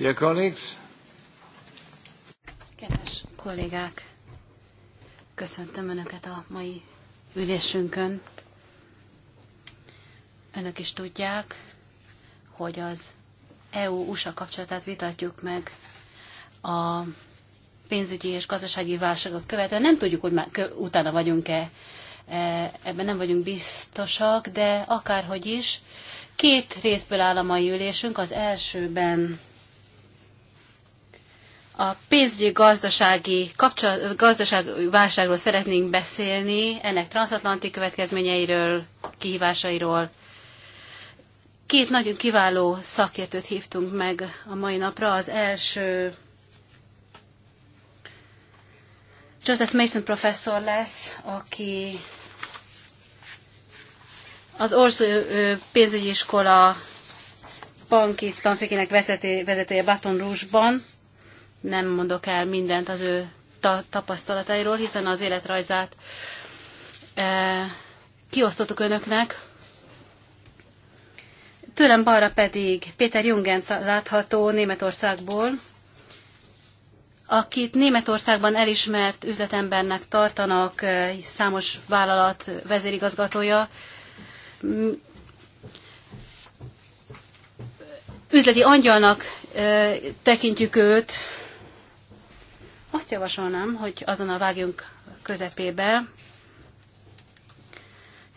Dear colleagues. Kedves kollégák, köszöntöm Önöket a mai ülésünkön. Önök is tudják, hogy az EU-USA kapcsolatát vitatjuk meg a pénzügyi és gazdasági válságot követően. Nem tudjuk, hogy már utána vagyunk-e, e, ebben nem vagyunk biztosak, de akárhogy is, Két részből áll a mai ülésünk. Az elsőben a pénzügyi gazdasági gazdaság válságról szeretnénk beszélni, ennek transatlanti következményeiről, kihívásairól. Két nagyon kiváló szakértőt hívtunk meg a mai napra. Az első Joseph Mason professzor lesz, aki az Orszó pénzügyi iskola banki tanszékének vezetője Baton Rouge-ban, nem mondok el mindent az ő ta- tapasztalatairól, hiszen az életrajzát e, kiosztottuk önöknek. Tőlem balra pedig Péter Jungent látható Németországból, akit Németországban elismert üzletembernek tartanak, e, számos vállalat vezérigazgatója. Üzleti angyalnak e, tekintjük őt, azt javasolnám, hogy azon a vágjunk közepébe,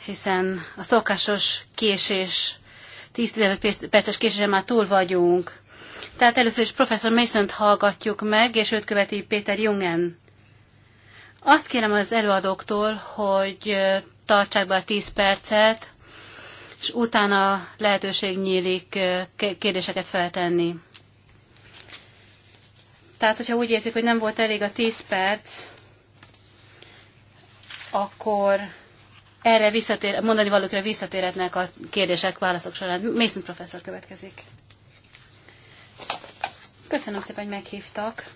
hiszen a szokásos késés, 10-15 perces késésen már túl vagyunk. Tehát először is professzor mason hallgatjuk meg, és őt követi Péter Jungen. Azt kérem az előadóktól, hogy tartsák be a 10 percet, és utána lehetőség nyílik kérdéseket feltenni. Tehát, hogyha úgy érzik, hogy nem volt elég a 10 perc, akkor erre visszatér, mondani valókra visszatérhetnek a kérdések, válaszok során. Mason professzor következik. Köszönöm szépen, hogy meghívtak.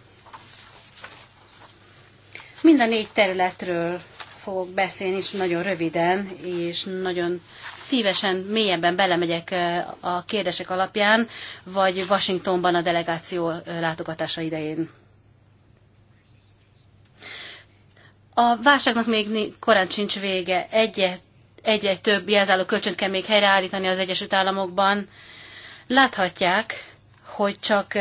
Mind a négy területről fogok beszélni, és nagyon röviden, és nagyon szívesen mélyebben belemegyek a kérdések alapján, vagy Washingtonban a delegáció látogatása idején. A válságnak még korán sincs vége. Egyet egy-egy több jelzáló kölcsönt kell még helyreállítani az Egyesült Államokban. Láthatják, hogy csak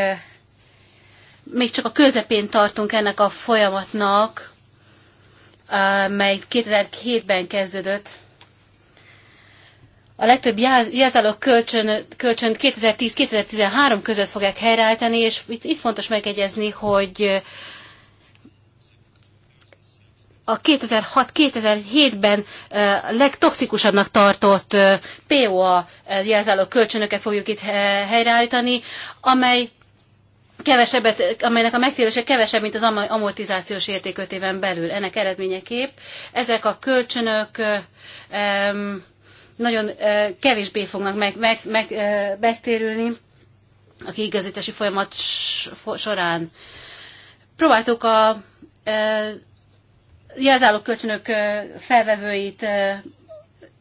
még csak a közepén tartunk ennek a folyamatnak, mely 2007-ben kezdődött. A legtöbb jelzálók kölcsön, kölcsönt 2010-2013 között fogják helyreállítani, és itt, itt fontos megegyezni, hogy a 2006-2007-ben legtoxikusabbnak tartott POA jelzálók kölcsönöket fogjuk itt helyreállítani, amely kevesebbet, amelynek a megtérése kevesebb, mint az amortizációs értékötéven belül. Ennek eredményeképp ezek a kölcsönök um, nagyon uh, kevésbé fognak meg, meg, meg, uh, megtérülni a kiigazítási folyamat során. Próbáltuk a uh, kölcsönök uh, felvevőit uh,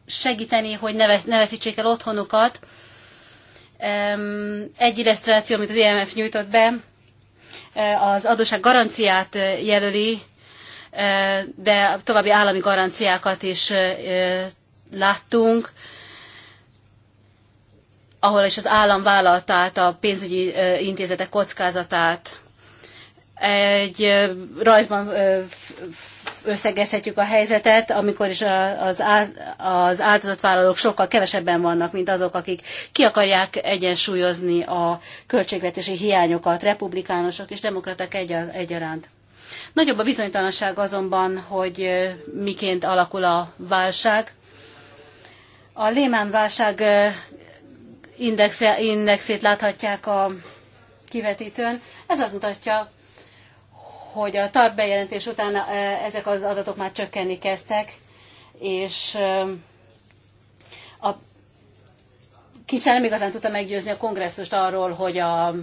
segíteni, hogy ne, vesz, ne veszítsék el otthonukat, egy illusztráció, amit az IMF e nyújtott be, e, az adóság garanciát e, jelöli, de további állami garanciákat is láttunk, ahol is az állam vállalta át a pénzügyi intézetek kockázatát. Egy rajzban összegezhetjük a helyzetet, amikor is az, az áldozatvállalók sokkal kevesebben vannak, mint azok, akik ki akarják egyensúlyozni a költségvetési hiányokat, republikánusok és demokraták egyaránt. Nagyobb a bizonytalanság azonban, hogy miként alakul a válság. A Lehman válság indexét láthatják a kivetítőn. Ez azt mutatja, hogy a TARP bejelentés után e, ezek az adatok már csökkenni kezdtek, és e, a kicsit nem igazán tudta meggyőzni a kongresszust arról, hogy a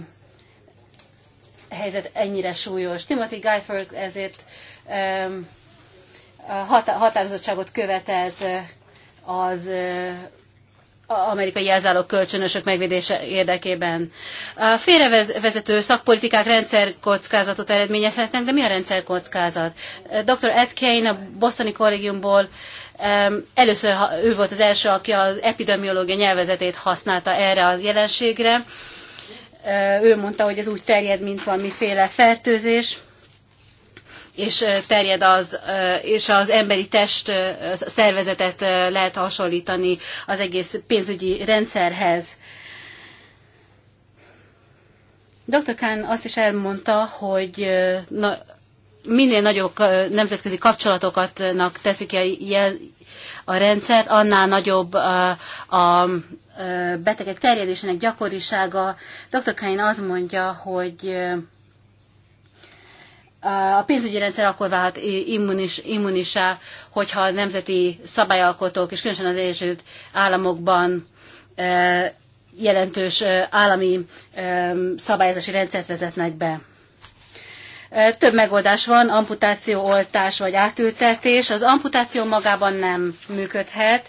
helyzet ennyire súlyos. Timothy Guyford ezért e, határozottságot követelt az amerikai jelzálók kölcsönösök megvédése érdekében. A félrevezető szakpolitikák rendszerkockázatot eredményezhetnek, de mi a rendszerkockázat? Dr. Ed Kane a Bostoni kollégiumból először ő volt az első, aki az epidemiológia nyelvezetét használta erre az jelenségre. Ő mondta, hogy ez úgy terjed, mint valamiféle fertőzés és terjed az, és az emberi test szervezetet lehet hasonlítani az egész pénzügyi rendszerhez. Dr. Kán azt is elmondta, hogy minél nagyobb nemzetközi kapcsolatokatnak teszik ki a, a rendszert, annál nagyobb a, a betegek terjedésének gyakorisága. Dr. Kain azt mondja, hogy a pénzügyi rendszer akkor válhat immunis, immunisá, hogyha a nemzeti szabályalkotók, és különösen az Egyesült Államokban e, jelentős e, állami e, szabályozási rendszert vezetnek be. Több megoldás van, amputáció, oltás vagy átültetés. Az amputáció magában nem működhet,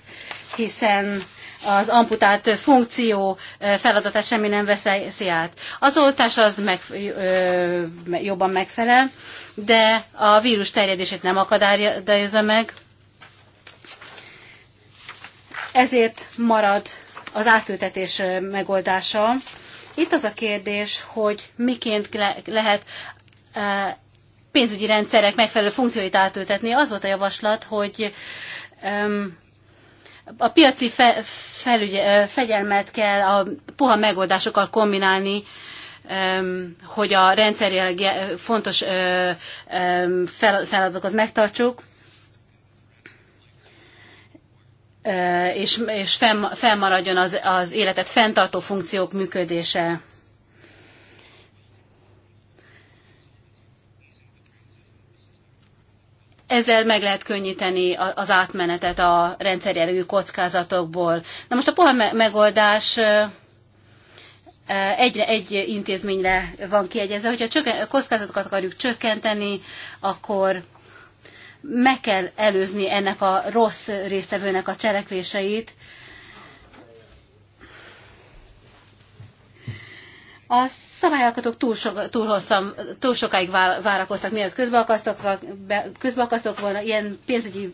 hiszen az amputált funkció feladatát semmi nem veszi át. Az oltás az meg, ö, jobban megfelel, de a vírus terjedését nem akadályozza meg, ezért marad az átültetés megoldása. Itt az a kérdés, hogy miként le- lehet pénzügyi rendszerek megfelelő funkcióit átültetni. Az volt a javaslat, hogy a piaci fe, felügy, fegyelmet kell a puha megoldásokkal kombinálni, hogy a rendszerileg fontos feladatokat megtartsuk, és, és fennmaradjon az, az életet fenntartó funkciók működése. ezzel meg lehet könnyíteni az átmenetet a rendszerjelű kockázatokból. Na most a poha megoldás egyre egy intézményre van kiegyezve. Hogyha csökken, kockázatokat akarjuk csökkenteni, akkor meg kell előzni ennek a rossz résztvevőnek a cselekvéseit, A szabályalkotók túl, so, túl, hosszan, túl sokáig várakoztak, mielőtt közbeakasztottak, volna. Ilyen pénzügyi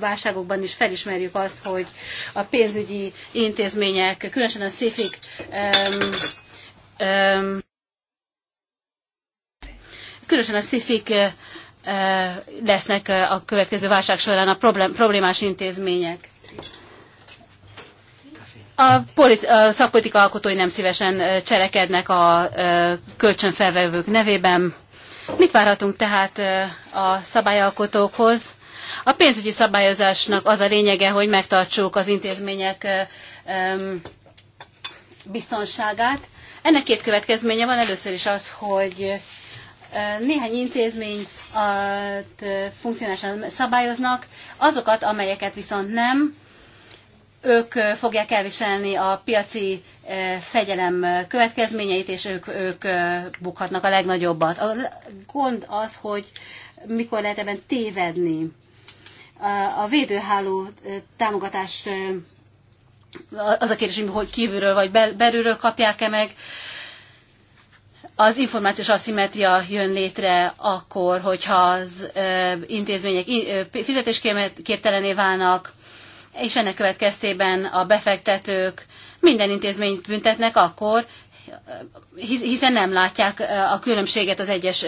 válságokban is felismerjük azt, hogy a pénzügyi intézmények, különösen a szifik um, um, különösen a szifik lesznek a következő válság során a problémás intézmények. A, politi- a szakpolitika alkotói nem szívesen cselekednek a kölcsönfelvevők nevében. Mit várhatunk tehát a szabályalkotókhoz? A pénzügyi szabályozásnak az a lényege, hogy megtartsuk az intézmények biztonságát. Ennek két következménye van. Először is az, hogy néhány intézményt funkcionálisan szabályoznak, azokat, amelyeket viszont nem, ők fogják elviselni a piaci fegyelem következményeit, és ők, ők bukhatnak a legnagyobbat. A gond az, hogy mikor lehet ebben tévedni. A védőháló támogatás az a kérdés, hogy kívülről vagy belülről kapják-e meg. Az információs aszimetria jön létre akkor, hogyha az intézmények fizetésképtelené válnak, és ennek következtében a befektetők minden intézményt büntetnek akkor, hiszen nem látják a különbséget az egyes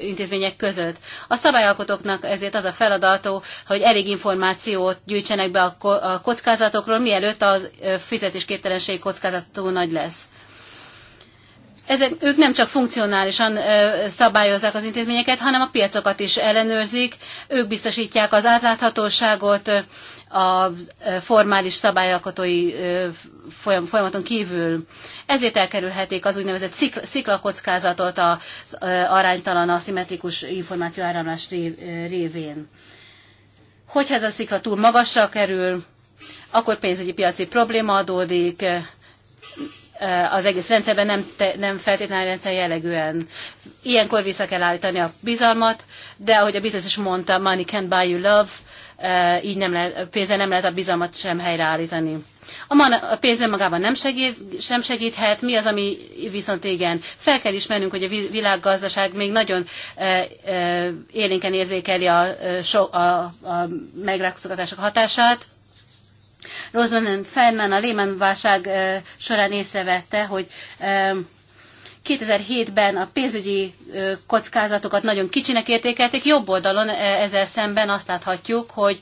intézmények között. A szabályalkotóknak ezért az a feladató, hogy elég információt gyűjtsenek be a kockázatokról, mielőtt a fizetésképtelenség kockázat túl nagy lesz. Ezek, ők nem csak funkcionálisan ö, szabályozzák az intézményeket, hanem a piacokat is ellenőrzik, ők biztosítják az átláthatóságot, a e, formális szabályalkotói e, folyamaton kívül. Ezért elkerülhetik az úgynevezett sziklakockázatot az e, aránytalan, információ információáramlás révén. Hogyha ez a szikla túl magasra kerül, akkor pénzügyi piaci probléma adódik, az egész rendszerben nem, te, nem feltétlenül rendszer jellegűen. Ilyenkor vissza kell állítani a bizalmat, de ahogy a Beatles is mondta, money can buy you love, Eh, így nem lehet, pénzzel nem lehet a bizalmat sem helyreállítani. A, man, a pénz önmagában nem, segít, sem segíthet, mi az, ami viszont igen. Fel kell ismernünk, hogy a világgazdaság még nagyon e, e, élénken érzékeli a, so, a, a megrákoztatások hatását. Rosalind Feynman a Lehman válság e, során észrevette, hogy e, 2007-ben a pénzügyi kockázatokat nagyon kicsinek értékelték, jobb oldalon ezzel szemben azt láthatjuk, hogy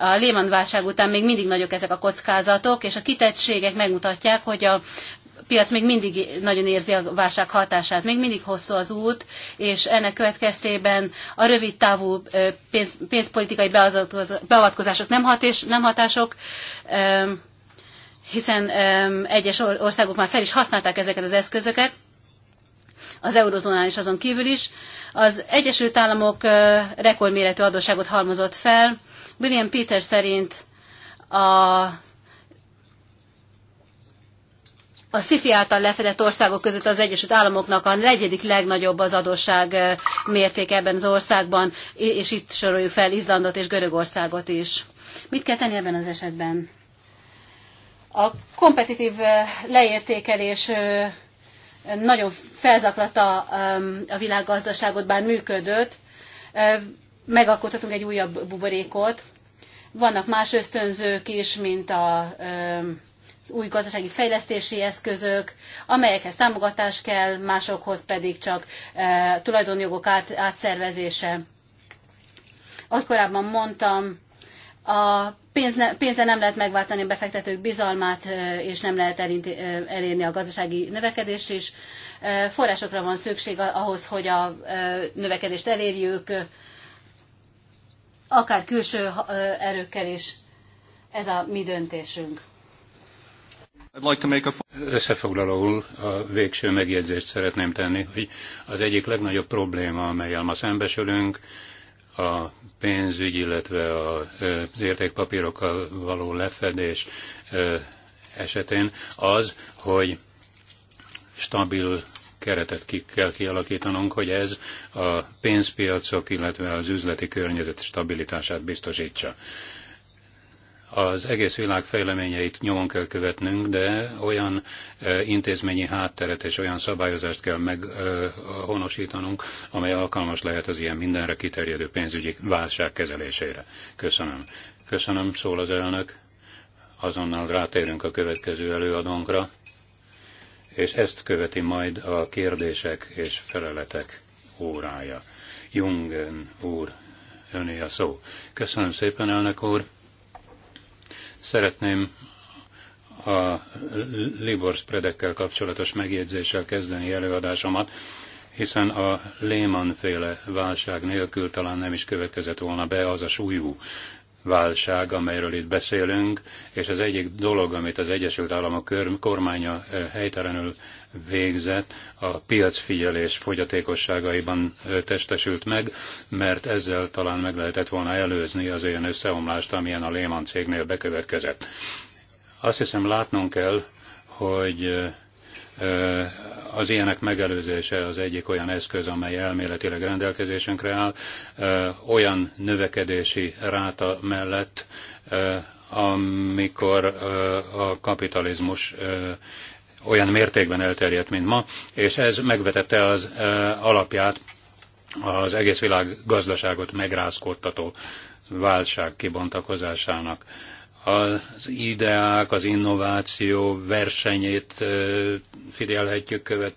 a Lehman válság után még mindig nagyok ezek a kockázatok, és a kitettségek megmutatják, hogy a piac még mindig nagyon érzi a válság hatását, még mindig hosszú az út, és ennek következtében a rövid távú pénz, pénzpolitikai beavatkozások nem, és nem hatások, hiszen egyes országok már fel is használták ezeket az eszközöket, az eurozónán és azon kívül is. Az Egyesült Államok rekordméretű adósságot halmozott fel. William Peter szerint a a SZIFI által lefedett országok között az Egyesült Államoknak a negyedik legnagyobb az adósság mérték ebben az országban, és itt soroljuk fel Izlandot és Görögországot is. Mit kell tenni ebben az esetben? A kompetitív leértékelés nagyon felzaklat um, a világgazdaságot, bár működött, megalkothatunk egy újabb buborékot. Vannak más ösztönzők is, mint a um, az új gazdasági fejlesztési eszközök, amelyekhez támogatás kell, másokhoz pedig csak e, tulajdonjogok át, átszervezése. Ahogy korábban mondtam, a pénz pénzzel nem lehet megváltani a befektetők bizalmát, és nem lehet elérni a gazdasági növekedést is. Forrásokra van szükség ahhoz, hogy a növekedést elérjük, akár külső erőkkel is. Ez a mi döntésünk. Összefoglalóul a végső megjegyzést szeretném tenni, hogy az egyik legnagyobb probléma, amelyel ma szembesülünk, a pénzügy, illetve az értékpapírokkal való lefedés esetén az, hogy stabil keretet ki kell kialakítanunk, hogy ez a pénzpiacok, illetve az üzleti környezet stabilitását biztosítsa. Az egész világ fejleményeit nyomon kell követnünk, de olyan intézményi hátteret és olyan szabályozást kell meghonosítanunk, amely alkalmas lehet az ilyen mindenre kiterjedő pénzügyi válság kezelésére. Köszönöm. Köszönöm, szól az elnök. Azonnal rátérünk a következő előadónkra, és ezt követi majd a kérdések és feleletek órája. Jungen úr, öné a szó. Köszönöm szépen, elnök úr. Szeretném a Libor Spredekkel kapcsolatos megjegyzéssel kezdeni előadásomat, hiszen a Lehman féle válság nélkül talán nem is következett volna be az a súlyú válság, amelyről itt beszélünk, és az egyik dolog, amit az Egyesült Államok kormánya eh, helytelenül végzett, a piacfigyelés fogyatékosságaiban testesült meg, mert ezzel talán meg lehetett volna előzni az olyan összeomlást, amilyen a Lehman cégnél bekövetkezett. Azt hiszem látnunk kell, hogy az ilyenek megelőzése az egyik olyan eszköz, amely elméletileg rendelkezésünkre áll, olyan növekedési ráta mellett, amikor a kapitalizmus olyan mértékben elterjedt, mint ma, és ez megvetette az alapját az egész világ gazdaságot megrázkodtató válság kibontakozásának. Az ideák, az innováció versenyét figyelhetjük, követ,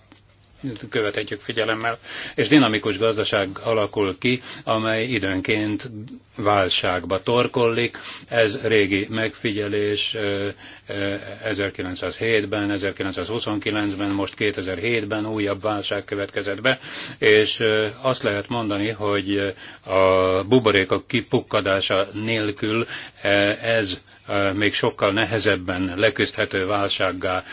követhetjük figyelemmel, és dinamikus gazdaság alakul ki, amely időnként válságba torkollik. Ez régi megfigyelés 1907-ben, 1929-ben, most 2007-ben újabb válság következett be, és azt lehet mondani, hogy a buborékok kipukkadása nélkül ez még sokkal nehezebben leküzdhető válsággá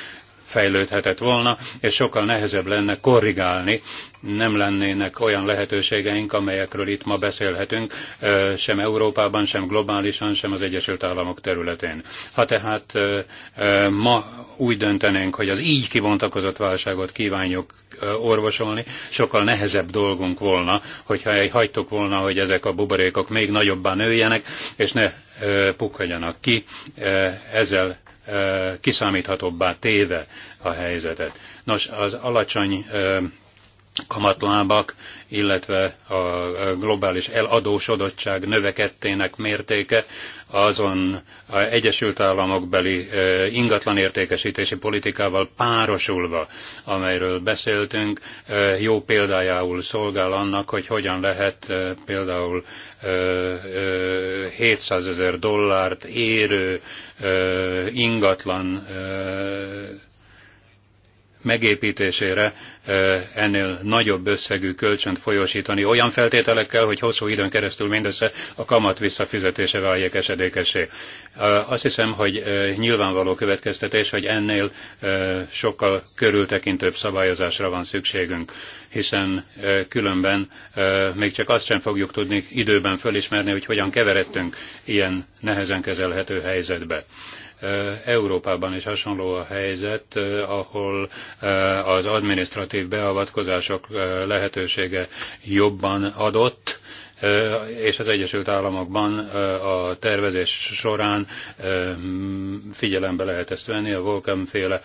fejlődhetett volna, és sokkal nehezebb lenne korrigálni, nem lennének olyan lehetőségeink, amelyekről itt ma beszélhetünk, sem Európában, sem globálisan, sem az Egyesült Államok területén. Ha tehát ma úgy döntenénk, hogy az így kivontakozott válságot kívánjuk orvosolni, sokkal nehezebb dolgunk volna, hogyha hagytuk volna, hogy ezek a buborékok még nagyobban nőjenek, és ne pukkadjanak ki. Ezzel kiszámíthatóbbá téve a helyzetet. Nos, az alacsony kamatlábak, illetve a globális eladósodottság növekedtének mértéke, azon a Egyesült Államok beli e, ingatlanértékesítési politikával párosulva, amelyről beszéltünk, e, jó példájául szolgál annak, hogy hogyan lehet e, például 700 ezer dollárt érő ingatlan megépítésére ennél nagyobb összegű kölcsönt folyosítani, olyan feltételekkel, hogy hosszú időn keresztül mindössze a kamat visszafizetése váljék esedékesé. Azt hiszem, hogy nyilvánvaló következtetés, hogy ennél sokkal körültekintőbb szabályozásra van szükségünk, hiszen különben még csak azt sem fogjuk tudni időben fölismerni, hogy hogyan keveredtünk ilyen nehezen kezelhető helyzetbe Európában is hasonló a helyzet, ahol az administratív beavatkozások lehetősége jobban adott, és az Egyesült Államokban a tervezés során figyelembe lehet ezt venni, a Volcom féle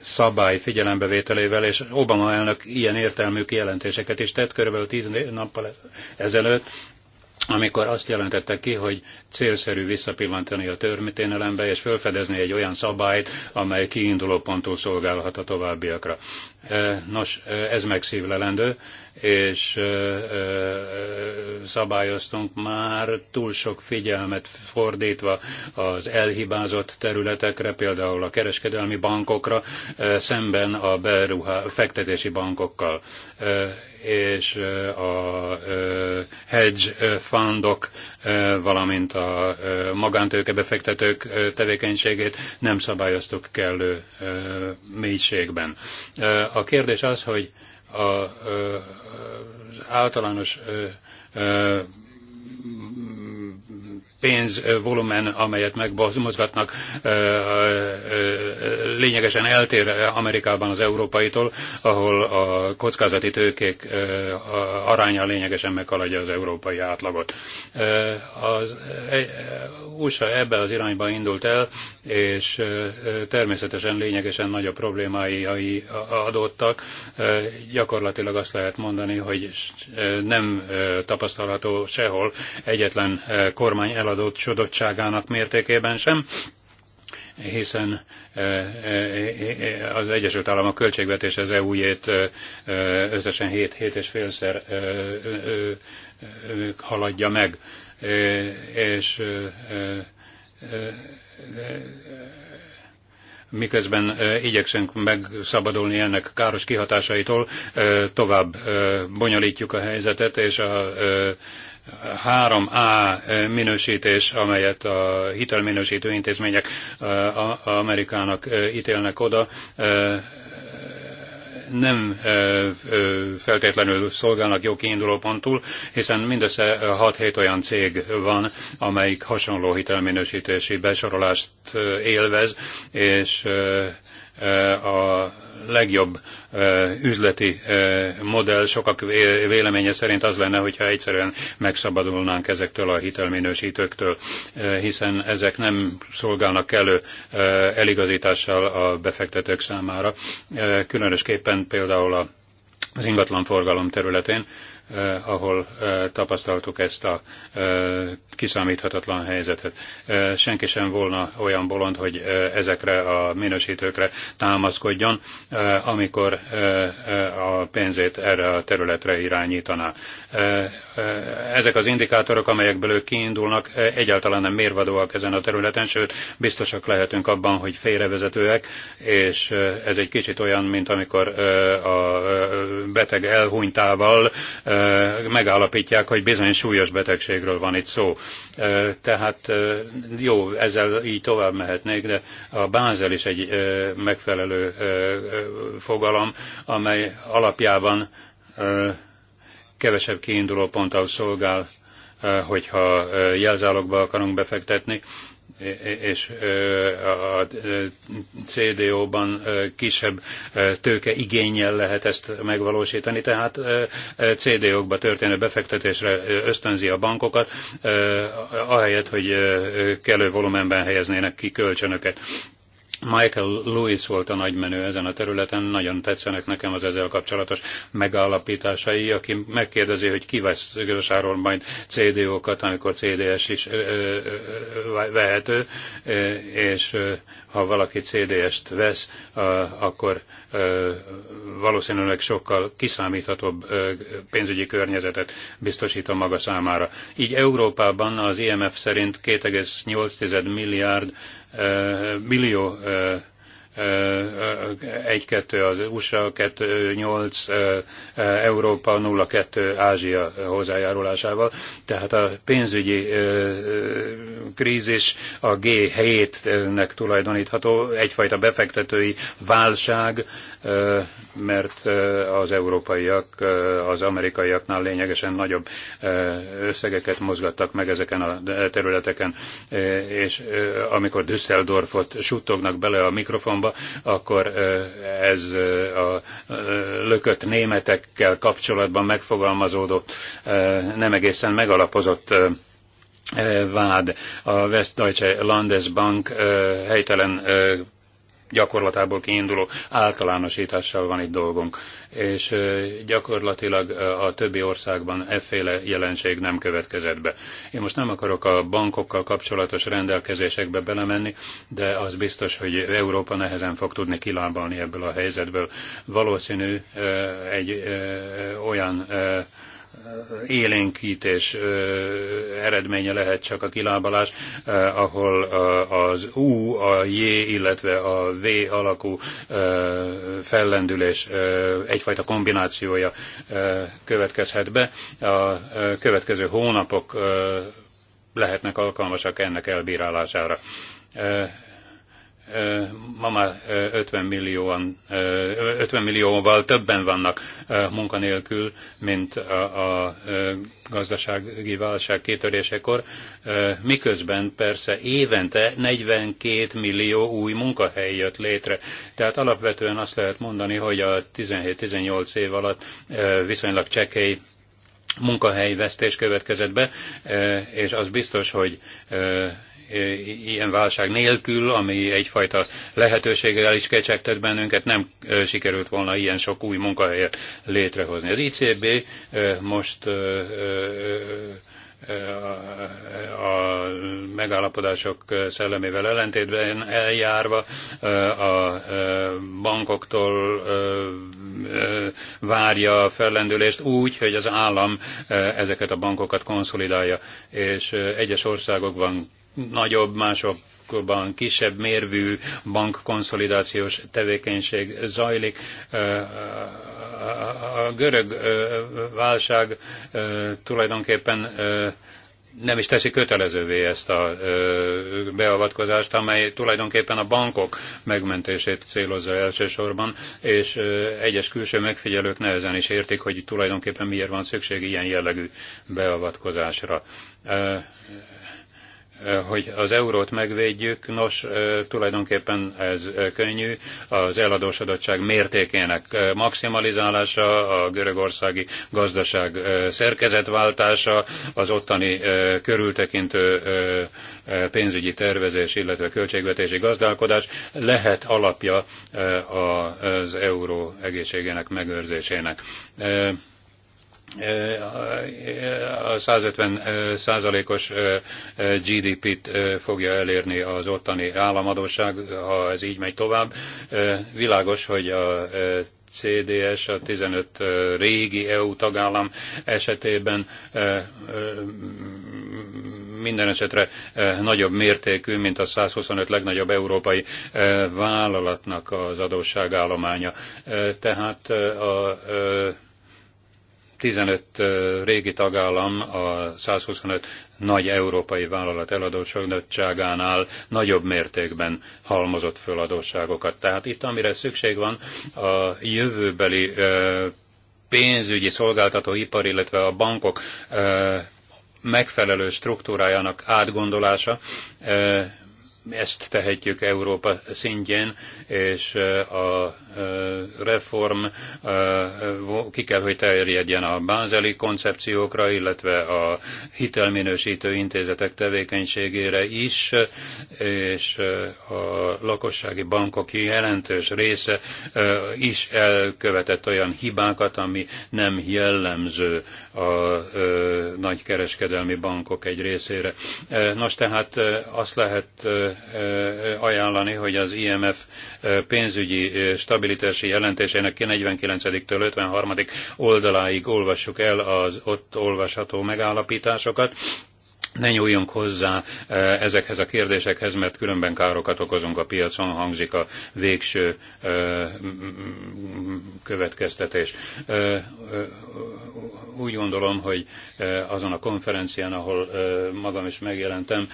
szabály figyelembevételével, és Obama elnök ilyen értelmű kijelentéseket is tett körülbelül tíz nappal ezelőtt, amikor azt jelentette ki, hogy célszerű visszapillantani a történelembe, és felfedezni egy olyan szabályt, amely kiinduló szolgálhat a továbbiakra. Eh, nos, eh, ez megszívlelendő, és szabályoztunk már túl sok figyelmet fordítva az elhibázott területekre, például a kereskedelmi bankokra, szemben a beruha, fektetési bankokkal és a hedge fundok, valamint a magántőkebefektetők tevékenységét nem szabályoztuk kellő mélységben. A kérdés az, hogy az általános pénzvolumen, amelyet megmozgatnak, lényegesen eltér Amerikában az európaitól, ahol a kockázati tőkék aránya lényegesen meghaladja az európai átlagot. Az USA ebbe az irányba indult el, és természetesen lényegesen nagyobb problémái adottak Gyakorlatilag azt lehet mondani, hogy nem tapasztalható sehol egyetlen kormány el elfogadottságának mértékében sem, hiszen e, e, e, az Egyesült Államok költségvetés az EU-jét összesen 7-7,5-szer haladja meg, és miközben igyekszünk megszabadulni ennek káros kihatásaitól, tovább bonyolítjuk a helyzetet, és a 3A minősítés, amelyet a hitelminősítő intézmények Amerikának ítélnek oda, nem feltétlenül szolgálnak jó kiinduló ponttól, hiszen mindössze 6-7 olyan cég van, amelyik hasonló hitelminősítési besorolást élvez, és a legjobb üzleti modell sokak véleménye szerint az lenne, hogyha egyszerűen megszabadulnánk ezektől a hitelminősítőktől, hiszen ezek nem szolgálnak elő eligazítással a befektetők számára, különösképpen például a az ingatlanforgalom területén, Eh, ahol eh, tapasztaltuk ezt a eh, kiszámíthatatlan helyzetet. Senki sem volna olyan bolond, hogy ezekre a minősítőkre támaszkodjon, amikor a pénzét erre a területre irányítaná. Ezek az indikátorok, amelyekből ők kiindulnak, egyáltalán nem mérvadóak ezen a területen, sőt, biztosak lehetünk abban, hogy félrevezetőek, és ez egy kicsit olyan, mint amikor a beteg elhunytával megállapítják, hogy bizony súlyos betegségről van itt szó. Tehát jó, ezzel így tovább mehetnék, de a bázel is egy megfelelő fogalom, amely alapjában kevesebb kiinduló ponttal szolgál, hogyha jelzálogba akarunk befektetni, és a CDO-ban kisebb tőke igényel lehet ezt megvalósítani, tehát CDO-kba történő befektetésre ösztönzi a bankokat, ahelyett, hogy kellő volumenben helyeznének ki kölcsönöket Michael Lewis volt a nagymenő ezen a területen, nagyon tetszenek nekem az ezzel kapcsolatos megállapításai, aki megkérdezi, hogy ki vesz majd CDO-kat, amikor CDS is vehető, és ha valaki CDS-t vesz, akkor valószínűleg sokkal kiszámíthatóbb pénzügyi környezetet biztosít a maga számára. Így Európában az IMF szerint 2,8 milliárd millió egy-kettő az USA, 2-8 Európa, 0-2 Ázsia hozzájárulásával. Tehát a pénzügyi krízis a G7-nek tulajdonítható, egyfajta befektetői válság, mert az európaiak az amerikaiaknál lényegesen nagyobb összegeket mozgattak meg ezeken a területeken, és amikor Düsseldorfot suttognak bele a mikrofonba, akkor ez a lökött németekkel kapcsolatban megfogalmazódott, nem egészen megalapozott vád. A Westdeutsche Landesbank helytelen gyakorlatából kiinduló általánosítással van itt dolgunk. És gyakorlatilag a többi országban efféle jelenség nem következett be. Én most nem akarok a bankokkal kapcsolatos rendelkezésekbe belemenni, de az biztos, hogy Európa nehezen fog tudni kilábalni ebből a helyzetből. Valószínű egy olyan élénkítés eredménye lehet csak a kilábalás, ahol az U, a J, illetve a V alakú fellendülés egyfajta kombinációja következhet be. A következő hónapok lehetnek alkalmasak ennek elbírálására ma már 50, millióan, 50 millióval többen vannak munkanélkül, mint a, a gazdasági válság kitörésekor, miközben persze évente 42 millió új munkahely jött létre. Tehát alapvetően azt lehet mondani, hogy a 17-18 év alatt viszonylag csekély munkahelyvesztés következett be, és az biztos, hogy ilyen válság nélkül, ami egyfajta lehetőséggel is kecsegtett bennünket, nem sikerült volna ilyen sok új munkahelyet létrehozni. Az ICB most a megállapodások szellemével ellentétben eljárva a bankoktól várja a fellendülést úgy, hogy az állam ezeket a bankokat konszolidálja, és egyes országokban nagyobb, mások kisebb mérvű bankkonszolidációs tevékenység zajlik. A görög válság tulajdonképpen nem is teszi kötelezővé ezt a beavatkozást, amely tulajdonképpen a bankok megmentését célozza elsősorban, és egyes külső megfigyelők nehezen is értik, hogy tulajdonképpen miért van szükség ilyen jellegű beavatkozásra hogy az eurót megvédjük, nos, tulajdonképpen ez könnyű, az eladósodottság mértékének maximalizálása, a görögországi gazdaság szerkezetváltása, az ottani körültekintő pénzügyi tervezés, illetve költségvetési gazdálkodás lehet alapja az euró egészségének megőrzésének a 150 százalékos GDP-t fogja elérni az ottani államadóság, ha ez így megy tovább. Világos, hogy a CDS, a 15 régi EU tagállam esetében minden esetre nagyobb mértékű, mint a 125 legnagyobb európai vállalatnak az adósságállománya. Tehát a 15 régi tagállam a 125 nagy európai vállalat eladósodottságánál nagyobb mértékben halmozott föl adósságokat. Tehát itt, amire szükség van, a jövőbeli pénzügyi ipar, illetve a bankok megfelelő struktúrájának átgondolása, ezt tehetjük Európa szintjén, és a reform ki kell, hogy terjedjen a bázeli koncepciókra, illetve a hitelminősítő intézetek tevékenységére is, és a lakossági bankok jelentős része is elkövetett olyan hibákat, ami nem jellemző a nagy kereskedelmi bankok egy részére. Nos, tehát azt lehet ajánlani, hogy az IMF pénzügyi stabilitása stabilitási jelentésének 49-től 53. oldaláig olvassuk el az ott olvasható megállapításokat, ne nyúljunk hozzá e, ezekhez a kérdésekhez, mert különben károkat okozunk a piacon, hangzik a végső e, következtetés. E, úgy gondolom, hogy azon a konferencián, ahol magam is megjelentem,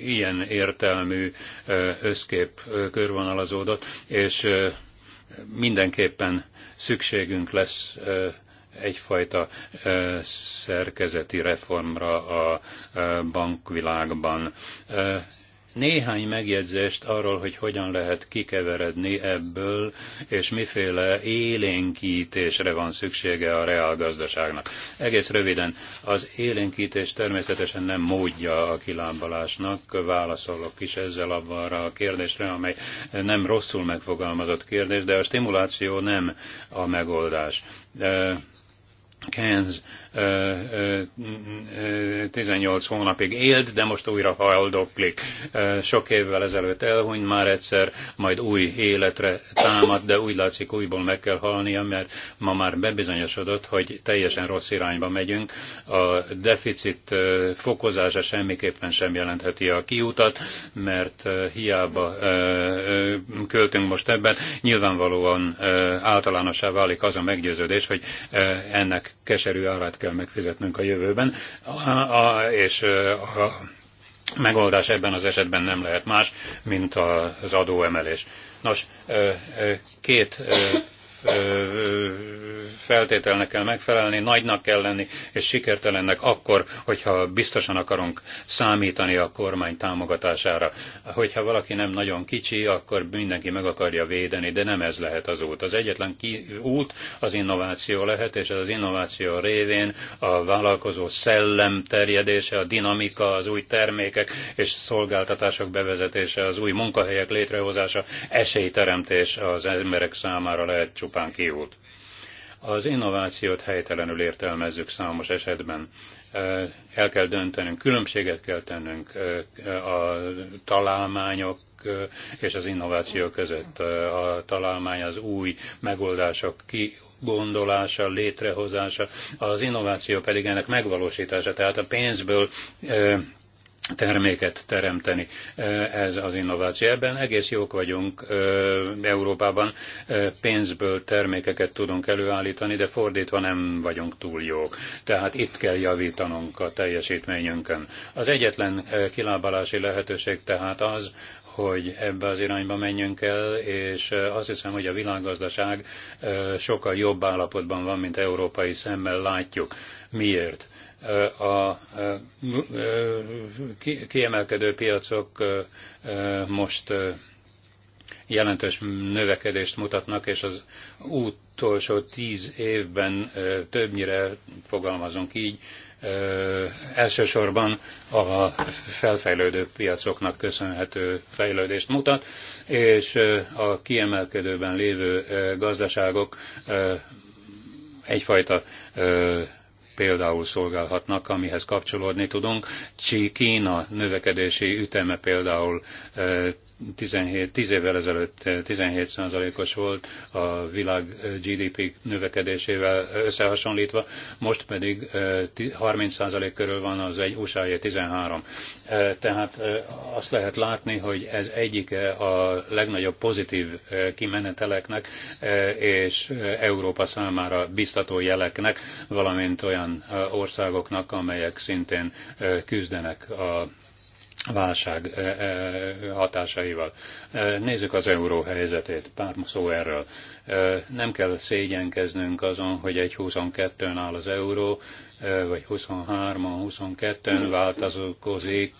ilyen értelmű összkép körvonalazódott, és mindenképpen szükségünk lesz egyfajta szerkezeti reformra a bankvilágban. Néhány megjegyzést arról, hogy hogyan lehet kikeveredni ebből, és miféle élénkítésre van szüksége a reálgazdaságnak. Egész röviden, az élénkítés természetesen nem módja a kilábalásnak, válaszolok is ezzel arra a kérdésre, amely nem rosszul megfogalmazott kérdés, de a stimuláció nem a megoldás Kenz 18 hónapig élt, de most újra haldoklik. Sok évvel ezelőtt elhuny már egyszer, majd új életre támad, de úgy látszik újból meg kell halnia, mert ma már bebizonyosodott, hogy teljesen rossz irányba megyünk. A deficit fokozása semmiképpen sem jelentheti a kiutat, mert hiába költünk most ebben, nyilvánvalóan általánossá válik az a meggyőződés, hogy ennek keserű árát kell megfizetnünk a jövőben, a, a, és a megoldás ebben az esetben nem lehet más, mint az adóemelés. Nos, két feltételnek kell megfelelni, nagynak kell lenni, és sikertelennek akkor, hogyha biztosan akarunk számítani a kormány támogatására. Hogyha valaki nem nagyon kicsi, akkor mindenki meg akarja védeni, de nem ez lehet az út. Az egyetlen út az innováció lehet, és az innováció révén a vállalkozó szellem terjedése, a dinamika, az új termékek és szolgáltatások bevezetése, az új munkahelyek létrehozása, esélyteremtés az emberek számára lehet csupán csupán kiút. Az innovációt helytelenül értelmezzük számos esetben. El kell döntenünk, különbséget kell tennünk a találmányok és az innováció között. A találmány az új megoldások ki gondolása, létrehozása, az innováció pedig ennek megvalósítása, tehát a pénzből terméket teremteni. Ez az innováció. Ebben egész jók vagyunk Európában. Pénzből termékeket tudunk előállítani, de fordítva nem vagyunk túl jók. Tehát itt kell javítanunk a teljesítményünkön. Az egyetlen kilábalási lehetőség tehát az, hogy ebbe az irányba menjünk el, és azt hiszem, hogy a világgazdaság sokkal jobb állapotban van, mint európai szemmel látjuk. Miért? a kiemelkedő piacok most jelentős növekedést mutatnak, és az utolsó tíz évben többnyire fogalmazunk így, elsősorban a felfejlődő piacoknak köszönhető fejlődést mutat, és a kiemelkedőben lévő gazdaságok egyfajta például szolgálhatnak, amihez kapcsolódni tudunk. Csí Kína növekedési üteme például eh, 17, 10 évvel ezelőtt 17%-os eh, volt a világ eh, GDP növekedésével összehasonlítva, most pedig 30% eh, körül van az egy usa 13. Tehát azt lehet látni, hogy ez egyik a legnagyobb pozitív kimeneteleknek és Európa számára biztató jeleknek, valamint olyan országoknak, amelyek szintén küzdenek a válság e, e, hatásaival. E, nézzük az euró helyzetét, pár szó erről. Nem kell szégyenkeznünk azon, hogy egy 22-n áll az euró, vagy 23 on 22-n változik.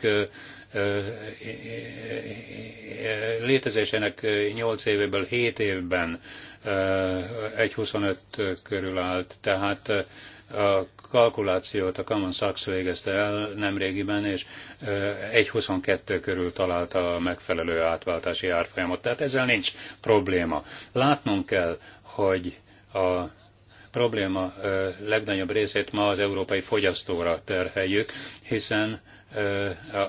Létezésének 8 évéből 7 évben egy 25 körül állt, tehát a kalkulációt a Common Sachs végezte el nemrégiben, és 1,22 körül találta a megfelelő átváltási árfolyamot. Tehát ezzel nincs probléma. Látnunk kell, hogy a probléma legnagyobb részét ma az európai fogyasztóra terheljük, hiszen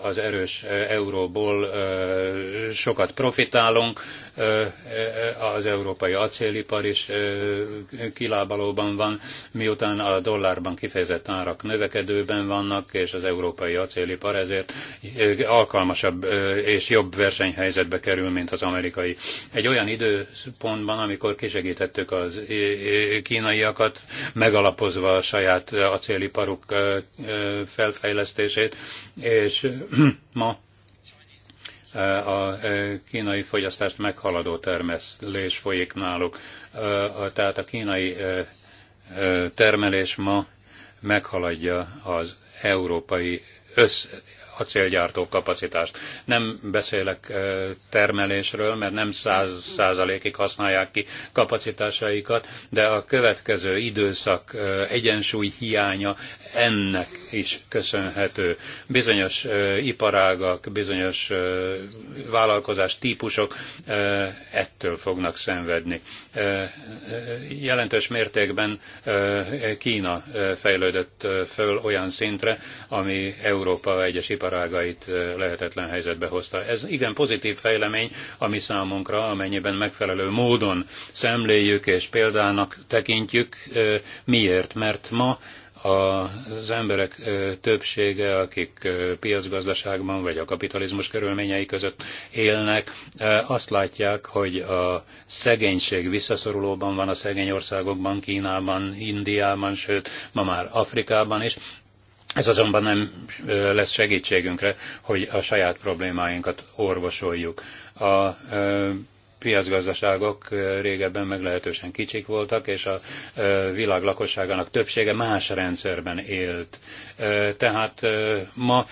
az erős euróból sokat profitálunk, az európai acélipar is kilábalóban van, miután a dollárban kifejezett árak növekedőben vannak, és az európai acélipar ezért alkalmasabb és jobb versenyhelyzetbe kerül, mint az amerikai. Egy olyan időpontban, amikor kisegítettük az kínaiakat, megalapozva a saját acéliparuk felfejlesztését, és ma a kínai fogyasztást meghaladó termelés folyik náluk. Tehát a kínai termelés ma meghaladja az európai össz acélgyártó kapacitást. Nem beszélek termelésről, mert nem száz százalékig használják ki kapacitásaikat, de a következő időszak egyensúly hiánya ennek is köszönhető. Bizonyos iparágak, bizonyos vállalkozás típusok ettől fognak szenvedni. Jelentős mértékben Kína fejlődött föl olyan szintre, ami Európa egyes ipar iparágait lehetetlen helyzetbe hozta. Ez igen pozitív fejlemény, ami számunkra, amennyiben megfelelő módon szemléljük és példának tekintjük. Miért? Mert ma az emberek többsége, akik piacgazdaságban vagy a kapitalizmus körülményei között élnek, azt látják, hogy a szegénység visszaszorulóban van a szegény országokban, Kínában, Indiában, sőt, ma már Afrikában is, ez azonban nem lesz segítségünkre, hogy a saját problémáinkat orvosoljuk. A piacgazdaságok régebben meglehetősen kicsik voltak, és a világ lakosságának többsége más rendszerben élt. Tehát ma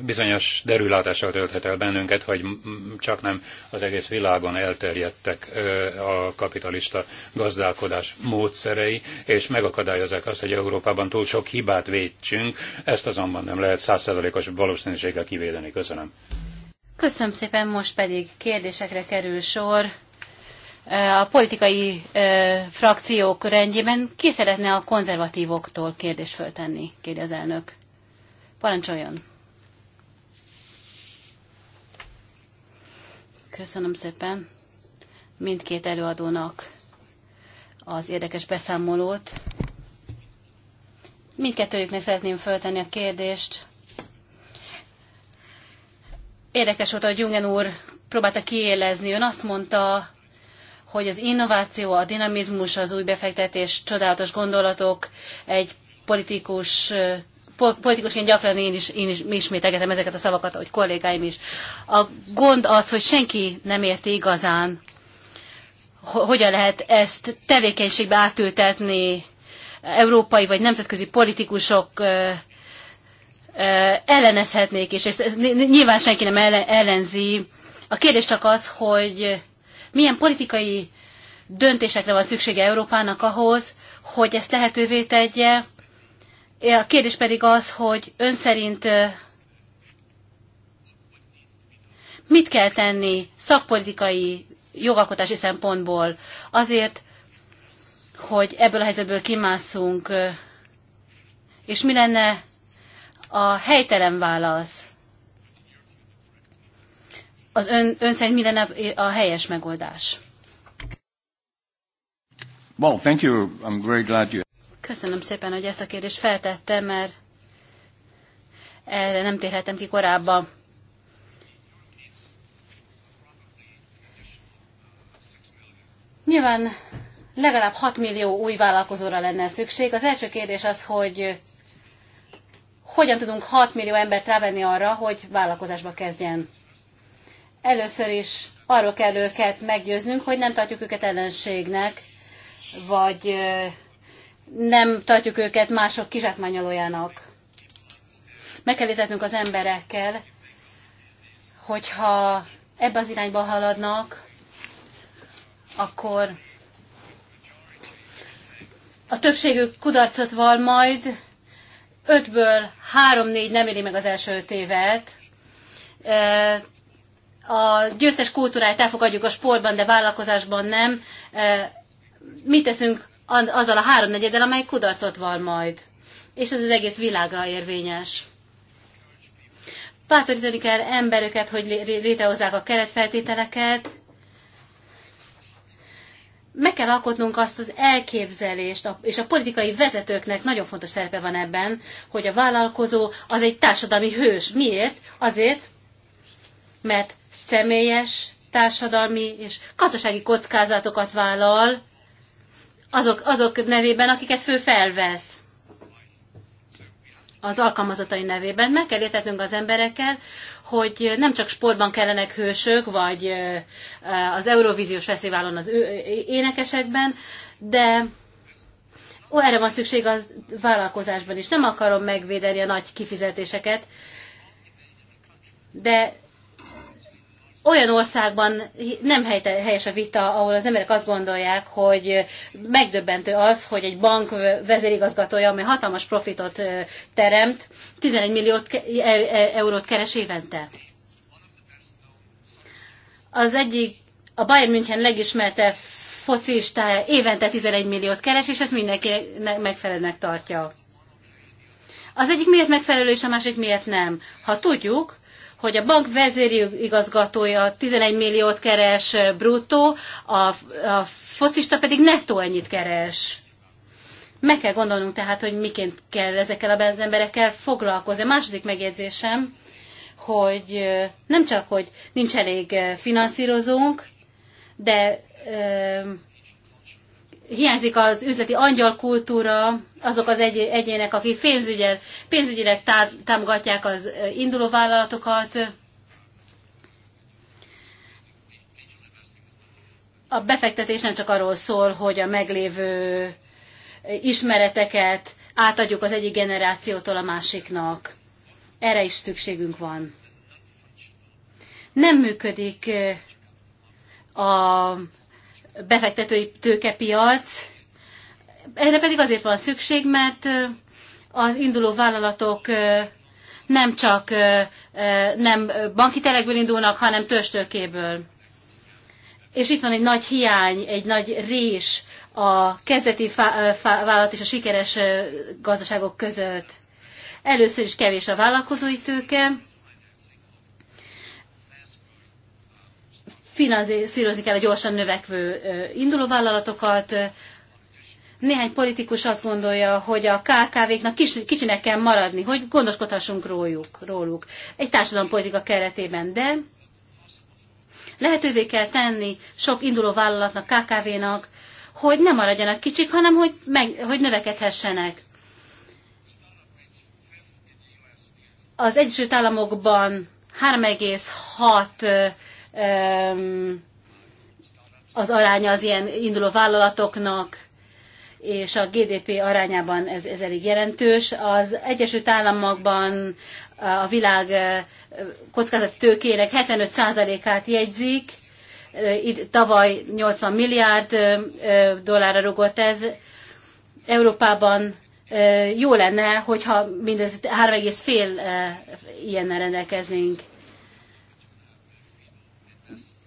bizonyos derülátással tölthet el bennünket, hogy csak nem az egész világon elterjedtek a kapitalista gazdálkodás módszerei, és megakadályozzák azt, hogy Európában túl sok hibát védsünk, ezt azonban nem lehet százszerzalékos valószínűséggel kivédeni. Köszönöm. Köszönöm szépen, most pedig kérdésekre kerül sor. A politikai frakciók rendjében ki szeretne a konzervatívoktól kérdést föltenni, kérdi az elnök. Parancsoljon! Köszönöm szépen mindkét előadónak az érdekes beszámolót. Mindkettőjüknek szeretném föltenni a kérdést Érdekes volt, hogy Jungen úr próbálta kiélezni. Ön azt mondta, hogy az innováció, a dinamizmus, az új befektetés, csodálatos gondolatok egy politikus politikusként gyakran én is, én is ismételgetem ezeket a szavakat, hogy kollégáim is. A gond az, hogy senki nem érti igazán, hogyan lehet ezt tevékenységbe átültetni európai vagy nemzetközi politikusok ellenezhetnék és ezt nyilván senki nem ellenzi. A kérdés csak az, hogy milyen politikai döntésekre van szüksége Európának ahhoz, hogy ezt lehetővé tegye. A kérdés pedig az, hogy ön szerint mit kell tenni szakpolitikai, jogalkotási szempontból azért, hogy ebből a helyzetből kimásszunk, és mi lenne a helytelen válasz az ön, ön szerint minden a helyes megoldás? Well, thank you. I'm very glad you... Köszönöm szépen, hogy ezt a kérdést feltette, mert erre nem térhetem ki korábban. Nyilván legalább 6 millió új vállalkozóra lenne szükség. Az első kérdés az, hogy hogyan tudunk 6 millió embert rávenni arra, hogy vállalkozásba kezdjen. Először is arról kell őket meggyőznünk, hogy nem tartjuk őket ellenségnek, vagy nem tartjuk őket mások kizsákmányolójának. Meg kell értetnünk az emberekkel, hogyha ebbe az irányba haladnak, akkor a többségük kudarcot val majd, ötből három-négy nem éri meg az első öt évet. A győztes kultúráját elfogadjuk a sportban, de vállalkozásban nem. Mit teszünk azzal a háromnegyeddel, amely kudarcot van majd? És ez az egész világra érvényes. Bátorítani kell embereket, hogy létrehozzák a keretfeltételeket, meg kell alkotnunk azt az elképzelést, és a politikai vezetőknek nagyon fontos szerepe van ebben, hogy a vállalkozó az egy társadalmi hős. Miért? Azért, mert személyes, társadalmi és gazdasági kockázatokat vállal azok, azok nevében, akiket fő felvesz az alkalmazatai nevében. Meg kell értetnünk az emberekkel, hogy nem csak sportban kellenek hősök, vagy az Eurovíziós Fesztiválon az énekesekben, de ó, erre van szükség a vállalkozásban is. Nem akarom megvédeni a nagy kifizetéseket, de olyan országban nem helyes a vita, ahol az emberek azt gondolják, hogy megdöbbentő az, hogy egy bank vezérigazgatója, ami hatalmas profitot teremt, 11 millió e, e, eurót keres évente. Az egyik, a Bayern München legismertebb focistája évente 11 milliót keres, és ezt mindenki megfelelőnek tartja. Az egyik miért megfelelő, és a másik miért nem. Ha tudjuk, hogy a bank igazgatója 11 milliót keres eh, bruttó, a, a focista pedig nettó ennyit keres. Meg kell gondolnunk tehát, hogy miként kell ezekkel az emberekkel foglalkozni. A második megjegyzésem, hogy eh, nem csak, hogy nincs elég eh, finanszírozónk, de hiányzik az üzleti angyalkultúra, azok az egy, egyének, akik pénzügyet, pénzügyileg tá, támogatják az induló vállalatokat. A befektetés nem csak arról szól, hogy a meglévő ismereteket átadjuk az egyik generációtól a másiknak. Erre is szükségünk van. Nem működik a befektetői tőkepiac. Erre pedig azért van szükség, mert az induló vállalatok nem csak nem banki telekből indulnak, hanem törstőkéből. És itt van egy nagy hiány, egy nagy rés a kezdeti vállalat és a sikeres gazdaságok között. Először is kevés a vállalkozói tőke, finanszírozni kell a gyorsan növekvő indulóvállalatokat. Néhány politikus azt gondolja, hogy a KKV-knak kicsinek kell maradni, hogy gondoskodhassunk róluk, róluk egy társadalompolitika keretében, de lehetővé kell tenni sok induló vállalatnak, KKV-nak, hogy ne maradjanak kicsik, hanem hogy, meg, hogy növekedhessenek. Az Egyesült Államokban 3,6 az aránya az ilyen induló vállalatoknak, és a GDP arányában ez, ez elég jelentős. Az Egyesült Államokban a világ e, kockázati tőkének 75%-át jegyzik, e, tavaly 80 milliárd e, dollárra rugott ez. Európában jó lenne, hogyha mindez 3,5 ilyennel rendelkeznénk.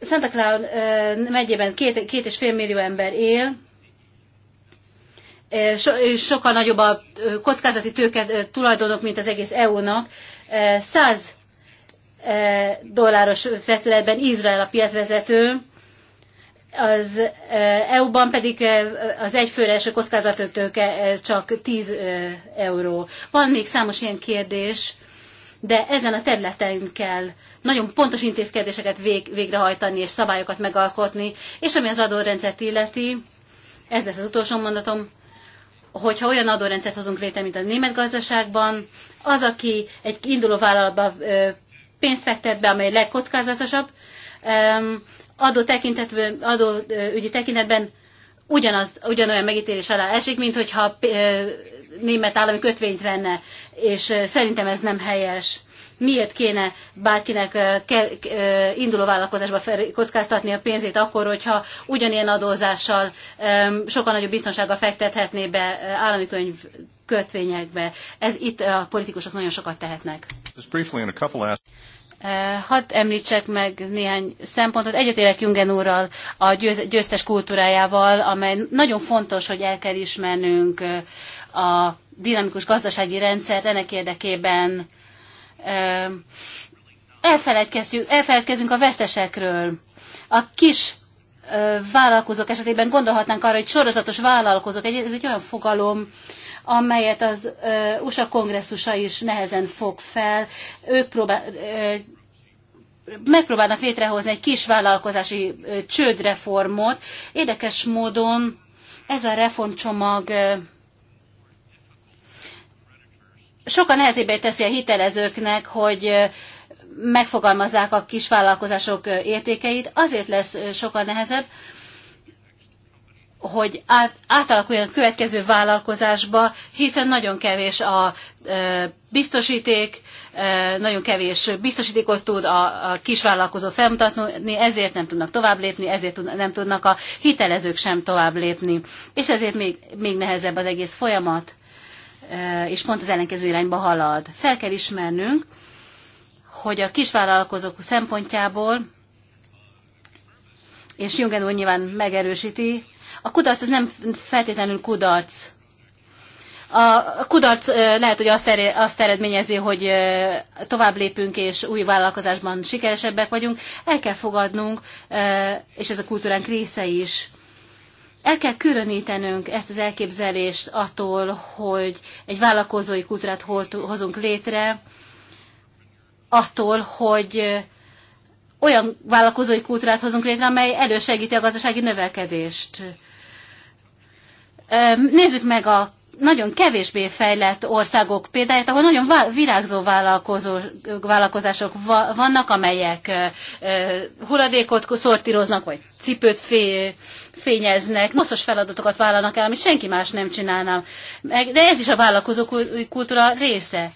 Santa Cloud megyében két, két és fél millió ember él, so, és sokkal nagyobb a kockázati tőke tulajdonok, mint az egész EU-nak. 100 dolláros vetületben Izrael a piacvezető, az EU-ban pedig az egyfőre eső tőke csak 10 euró. Van még számos ilyen kérdés, de ezen a területen kell nagyon pontos intézkedéseket vég, végrehajtani és szabályokat megalkotni, és ami az adórendszert illeti, ez lesz az utolsó mondatom, hogyha olyan adórendszert hozunk létre, mint a német gazdaságban, az, aki egy induló vállalatba pénzt fektet be, amely legkockázatosabb, adó tekintetben, adóügyi tekintetben ugyanaz, ugyanolyan megítélés alá esik, mint hogyha német állami kötvényt venne, és szerintem ez nem helyes miért kéne bárkinek induló vállalkozásba kockáztatni a pénzét akkor, hogyha ugyanilyen adózással sokkal nagyobb biztonsággal fektethetné be állami könyv kötvényekbe. Ez itt a politikusok nagyon sokat tehetnek. Hadd említsek meg néhány szempontot. Egyetérek Jungen úrral a győz, győztes kultúrájával, amely nagyon fontos, hogy el kell ismernünk a dinamikus gazdasági rendszert ennek érdekében elfeledkezünk, elfeledkezünk a vesztesekről. A kis vállalkozók esetében gondolhatnánk arra, hogy sorozatos vállalkozók, ez egy olyan fogalom, amelyet az USA kongresszusa is nehezen fog fel. Ők próbál, megpróbálnak létrehozni egy kis vállalkozási csődreformot. Érdekes módon ez a reformcsomag sokkal nehezebbé teszi a hitelezőknek, hogy megfogalmazzák a kisvállalkozások értékeit, azért lesz sokkal nehezebb, hogy át, átalakuljon a következő vállalkozásba, hiszen nagyon kevés a e, biztosíték, e, nagyon kevés biztosítékot tud a, a kisvállalkozó felmutatni, ezért nem tudnak tovább lépni, ezért tud, nem tudnak a hitelezők sem tovább lépni. És ezért még, még nehezebb az egész folyamat. Eh, és pont az ellenkező irányba halad. Fel kell ismernünk, hogy a kisvállalkozók szempontjából, és Jungen úr nyilván megerősíti, a kudarc az nem feltétlenül kudarc. A kudarc eh, lehet, hogy azt, eredményezi, hogy eh, tovább lépünk, és új vállalkozásban sikeresebbek vagyunk. El kell fogadnunk, és ez a kultúránk része is, el kell különítenünk ezt az elképzelést attól, hogy egy vállalkozói kultúrát hozunk létre, attól, hogy olyan vállalkozói kultúrát hozunk létre, amely elősegíti a gazdasági növekedést. Nézzük meg a nagyon kevésbé fejlett országok példáját, ahol nagyon virágzó vállalkozások vannak, amelyek hulladékot szortíroznak, vagy cipőt fényeznek, noszos feladatokat vállalnak el, amit senki más nem csinálna. De ez is a vállalkozó kultúra része.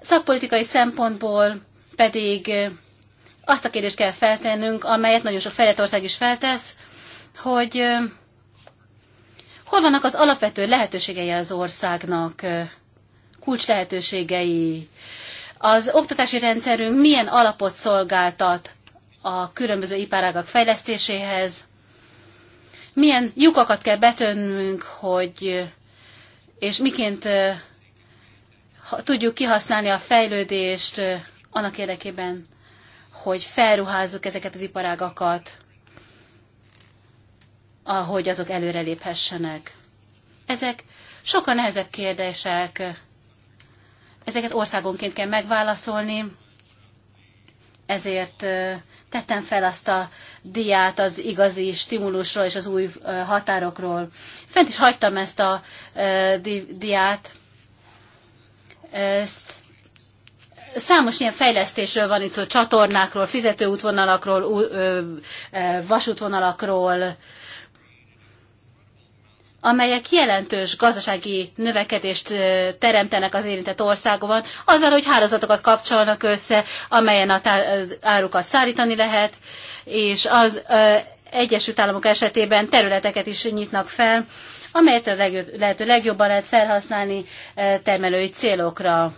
Szakpolitikai szempontból pedig azt a kérdést kell feltennünk, amelyet nagyon sok fejlett ország is feltesz, hogy Hol vannak az alapvető lehetőségei az országnak, kulcs lehetőségei? Az oktatási rendszerünk milyen alapot szolgáltat a különböző iparágak fejlesztéséhez? Milyen lyukakat kell betönnünk, hogy és miként tudjuk kihasználni a fejlődést annak érdekében, hogy felruházzuk ezeket az iparágakat, ahogy azok előreléphessenek. Ezek sokkal nehezebb kérdések. Ezeket országonként kell megválaszolni, ezért tettem fel azt a diát az igazi stimulusról és az új határokról. Fent is hagytam ezt a diát. Számos ilyen fejlesztésről van itt szó, csatornákról, fizetőútvonalakról, vasútvonalakról, amelyek jelentős gazdasági növekedést teremtenek az érintett országokban, azzal, hogy hálózatokat kapcsolnak össze, amelyen az árukat szállítani lehet, és az Egyesült Államok esetében területeket is nyitnak fel, amelyet a lehető legjobban lehet felhasználni termelői célokra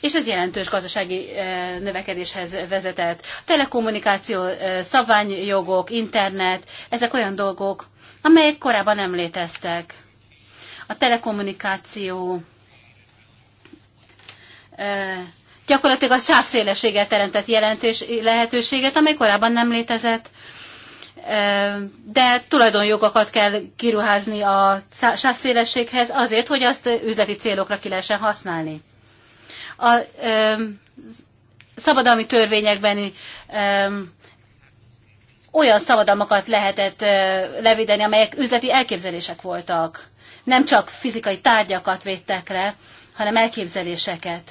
és ez jelentős gazdasági eh, növekedéshez vezetett. Telekommunikáció, eh, szabványjogok, internet, ezek olyan dolgok, amelyek korábban nem léteztek. A telekommunikáció eh, gyakorlatilag a sávszélességgel teremtett jelentés lehetőséget, amely korábban nem létezett, de tulajdonjogokat kell kiruházni a sávszélességhez azért, hogy azt üzleti célokra ki lehessen használni a szabadalmi törvényekben olyan szabadalmakat lehetett levédeni, amelyek üzleti elképzelések voltak. Nem csak fizikai tárgyakat védtek le, hanem elképzeléseket,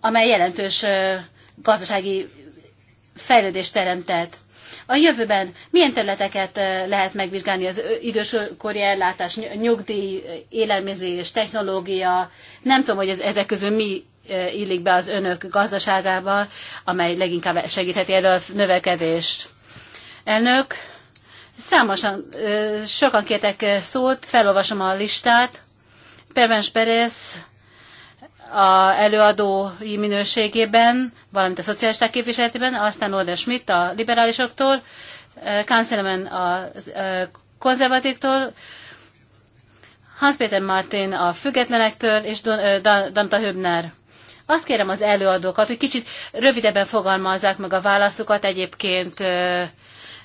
amely jelentős gazdasági fejlődést teremtett. A jövőben milyen területeket lehet megvizsgálni az időskori ellátás, nyugdíj, élelmezés, technológia? Nem tudom, hogy ez, ezek közül mi illik be az önök gazdaságába, amely leginkább segítheti elő a növekedést. Elnök, számosan, sokan kértek szót, felolvasom a listát. Pervens Perez, a előadói minőségében, valamint a szocialisták képviseletében, aztán Olde Schmidt a liberálisoktól, Kanzlemen eh, a eh, konzervatíktól, Hans-Peter Martin a függetlenektől, és eh, Danta Höbner. Azt kérem az előadókat, hogy kicsit rövidebben fogalmazzák meg a válaszukat, egyébként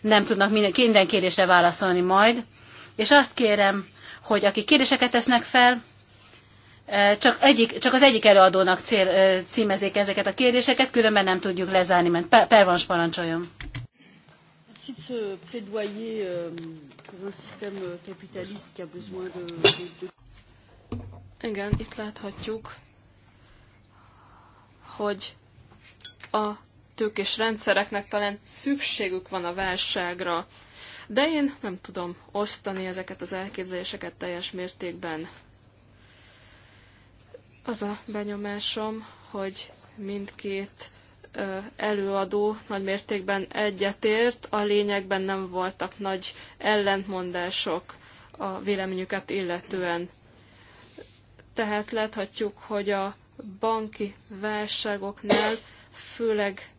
nem tudnak minden kérdésre válaszolni majd. És azt kérem, hogy akik kérdéseket tesznek fel, csak, egyik, csak az egyik előadónak cél, címezik ezeket a kérdéseket, különben nem tudjuk lezárni, mert per, parancsoljon. Merci de euh, a Igen, itt láthatjuk, hogy a tőkés rendszereknek talán szükségük van a válságra, de én nem tudom osztani ezeket az elképzeléseket teljes mértékben. Az a benyomásom, hogy mindkét előadó nagymértékben egyetért, a lényegben nem voltak nagy ellentmondások a véleményüket illetően. Tehát láthatjuk, hogy a banki válságoknál főleg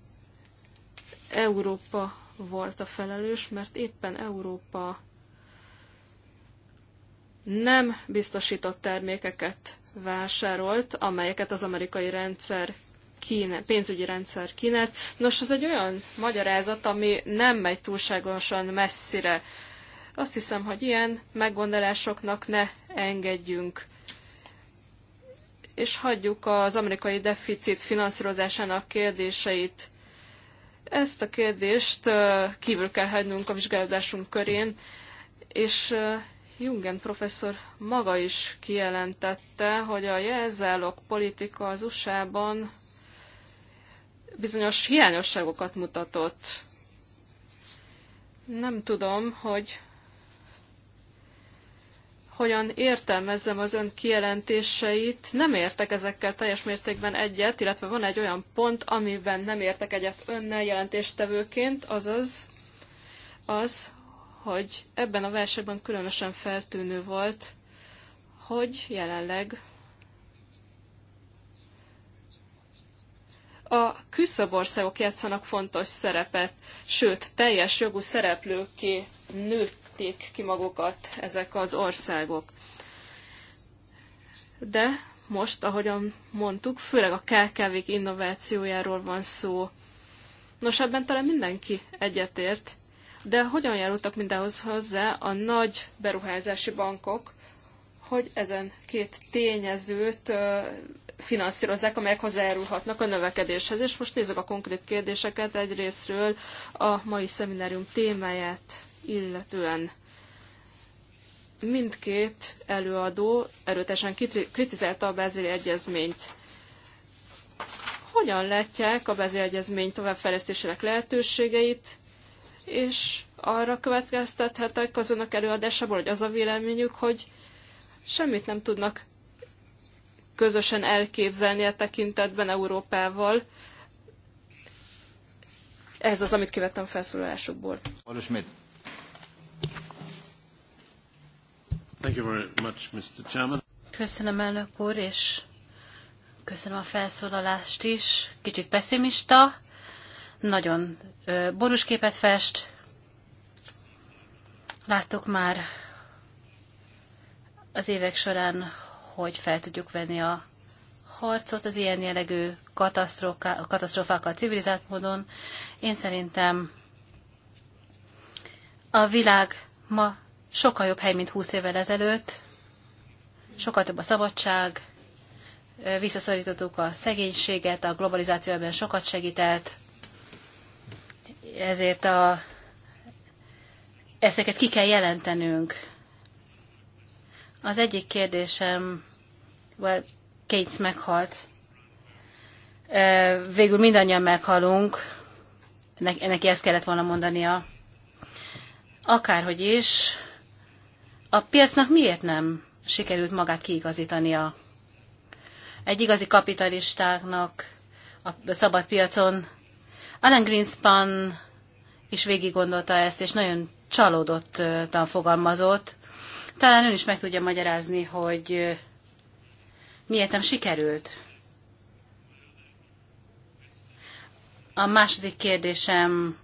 Európa volt a felelős, mert éppen Európa nem biztosított termékeket vásárolt, amelyeket az amerikai rendszer kíne, pénzügyi rendszer kínált. Nos, ez egy olyan magyarázat, ami nem megy túlságosan messzire. Azt hiszem, hogy ilyen meggondolásoknak ne engedjünk és hagyjuk az amerikai deficit finanszírozásának kérdéseit. Ezt a kérdést kívül kell hagynunk a vizsgálódásunk körén, és Jungen professzor maga is kijelentette, hogy a jelzálok politika az USA-ban bizonyos hiányosságokat mutatott. Nem tudom, hogy hogyan értelmezzem az ön kijelentéseit. Nem értek ezekkel teljes mértékben egyet, illetve van egy olyan pont, amiben nem értek egyet önnel jelentéstevőként, azaz az, hogy ebben a válságban különösen feltűnő volt, hogy jelenleg a küszöbországok játszanak fontos szerepet, sőt, teljes jogú szereplőké nőtték ki magukat ezek az országok. De most, ahogyan mondtuk, főleg a KKV-k innovációjáról van szó. Nos, ebben talán mindenki egyetért, de hogyan járultak mindenhoz hozzá a nagy beruházási bankok, hogy ezen két tényezőt finanszírozzák, amelyek hozzájárulhatnak a növekedéshez. És most nézzük a konkrét kérdéseket egyrésztről a mai szeminárium témáját illetően. Mindkét előadó erőtesen kritizálta a Bázili Egyezményt. Hogyan látják a Bázili Egyezmény továbbfejlesztésének lehetőségeit, és arra következtethetek az önök előadásából, hogy az a véleményük, hogy semmit nem tudnak közösen elképzelni a e tekintetben Európával. Ez az, amit kivettem felszólalásukból. Thank you very much, Mr. Chairman. Köszönöm, elnök úr, és köszönöm a felszólalást is. Kicsit pessimista nagyon borús képet fest. Láttuk már az évek során, hogy fel tudjuk venni a harcot az ilyen jellegű katasztrófákkal civilizált módon. Én szerintem a világ ma sokkal jobb hely, mint 20 évvel ezelőtt. Sokkal több a szabadság, visszaszorítottuk a szegénységet, a globalizáció ebben sokat segített, ezért a, ezeket ki kell jelentenünk. Az egyik kérdésem, well, Kates meghalt. Végül mindannyian meghalunk. Neki ezt kellett volna mondania. Akárhogy is, a piacnak miért nem sikerült magát kiigazítania? Egy igazi kapitalistáknak a szabad piacon Alan Greenspan is végig gondolta ezt, és nagyon csalódottan fogalmazott. Talán ön is meg tudja magyarázni, hogy miért nem sikerült. A második kérdésem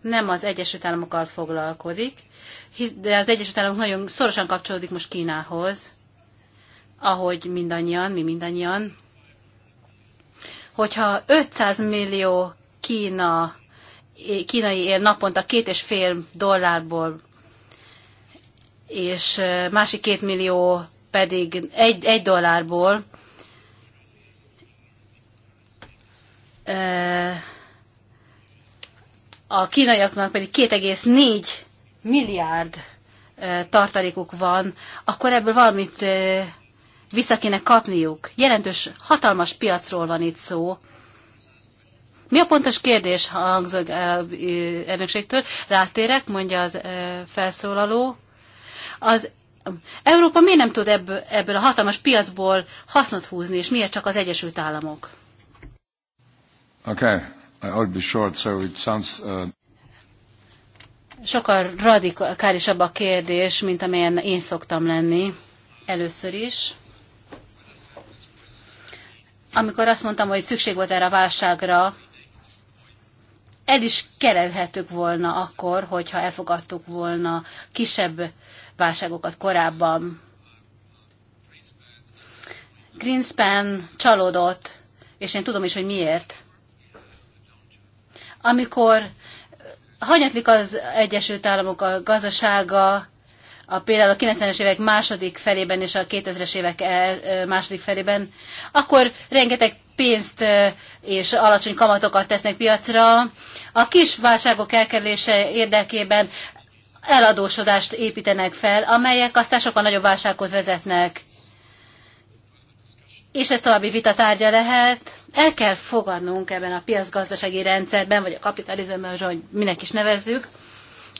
nem az Egyesült Államokkal foglalkozik, de az Egyesült Államok nagyon szorosan kapcsolódik most Kínához, ahogy mindannyian, mi mindannyian. Hogyha 500 millió Kína kínai ér naponta két és fél dollárból, és másik két millió pedig egy, egy dollárból, a kínaiaknak pedig 2,4 milliárd tartalékuk van, akkor ebből valamit vissza kéne kapniuk. Jelentős, hatalmas piacról van itt szó, mi a pontos kérdés hangzog elnökségtől? Rátérek, mondja az felszólaló. Az Európa miért nem tud ebből, ebből a hatalmas piacból hasznot húzni, és miért csak az Egyesült Államok? Okay, I'll be short, so it sounds... Uh... Sokkal radikálisabb a kérdés, mint amelyen én szoktam lenni először is. Amikor azt mondtam, hogy szükség volt erre a válságra, el is kerelhetők volna akkor, hogyha elfogadtuk volna kisebb válságokat korábban. Greenspan csalódott, és én tudom is, hogy miért. Amikor hanyatlik az Egyesült Államok a gazdasága, a, például a 90-es évek második felében és a 2000-es évek második felében, akkor rengeteg pénzt és alacsony kamatokat tesznek piacra. A kis válságok elkerülése érdekében eladósodást építenek fel, amelyek aztán sokkal nagyobb válsághoz vezetnek. És ez további vita tárgya lehet. El kell fogadnunk ebben a piacgazdasági rendszerben, vagy a kapitalizmusban, hogy minek is nevezzük,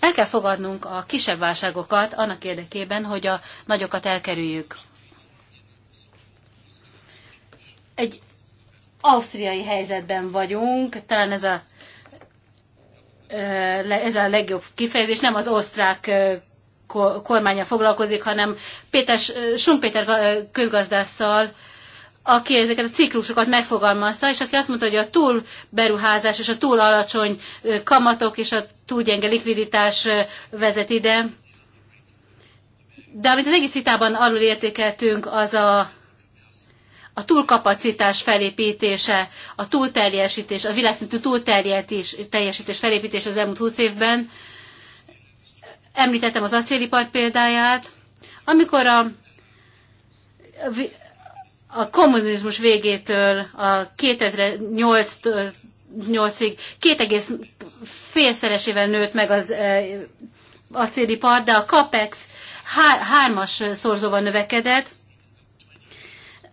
el kell fogadnunk a kisebb válságokat annak érdekében, hogy a nagyokat elkerüljük. Egy ausztriai helyzetben vagyunk, talán ez a, ez a legjobb kifejezés, nem az osztrák kormánya foglalkozik, hanem Péter, Sumpéter közgazdásszal, aki ezeket a ciklusokat megfogalmazta, és aki azt mondta, hogy a túl beruházás és a túl alacsony kamatok és a túl gyenge likviditás vezet ide. De amit az egész vitában alul értékeltünk, az a a túlkapacitás felépítése, a túlteljesítés, a világszintű túlteljesítés felépítése az elmúlt 20 évben. Említettem az acélipar példáját, amikor a, a kommunizmus végétől a 2008-ig 2,5-szeresével nőtt meg az e, acélipar, de a CAPEX hár, hármas szorzóval növekedett,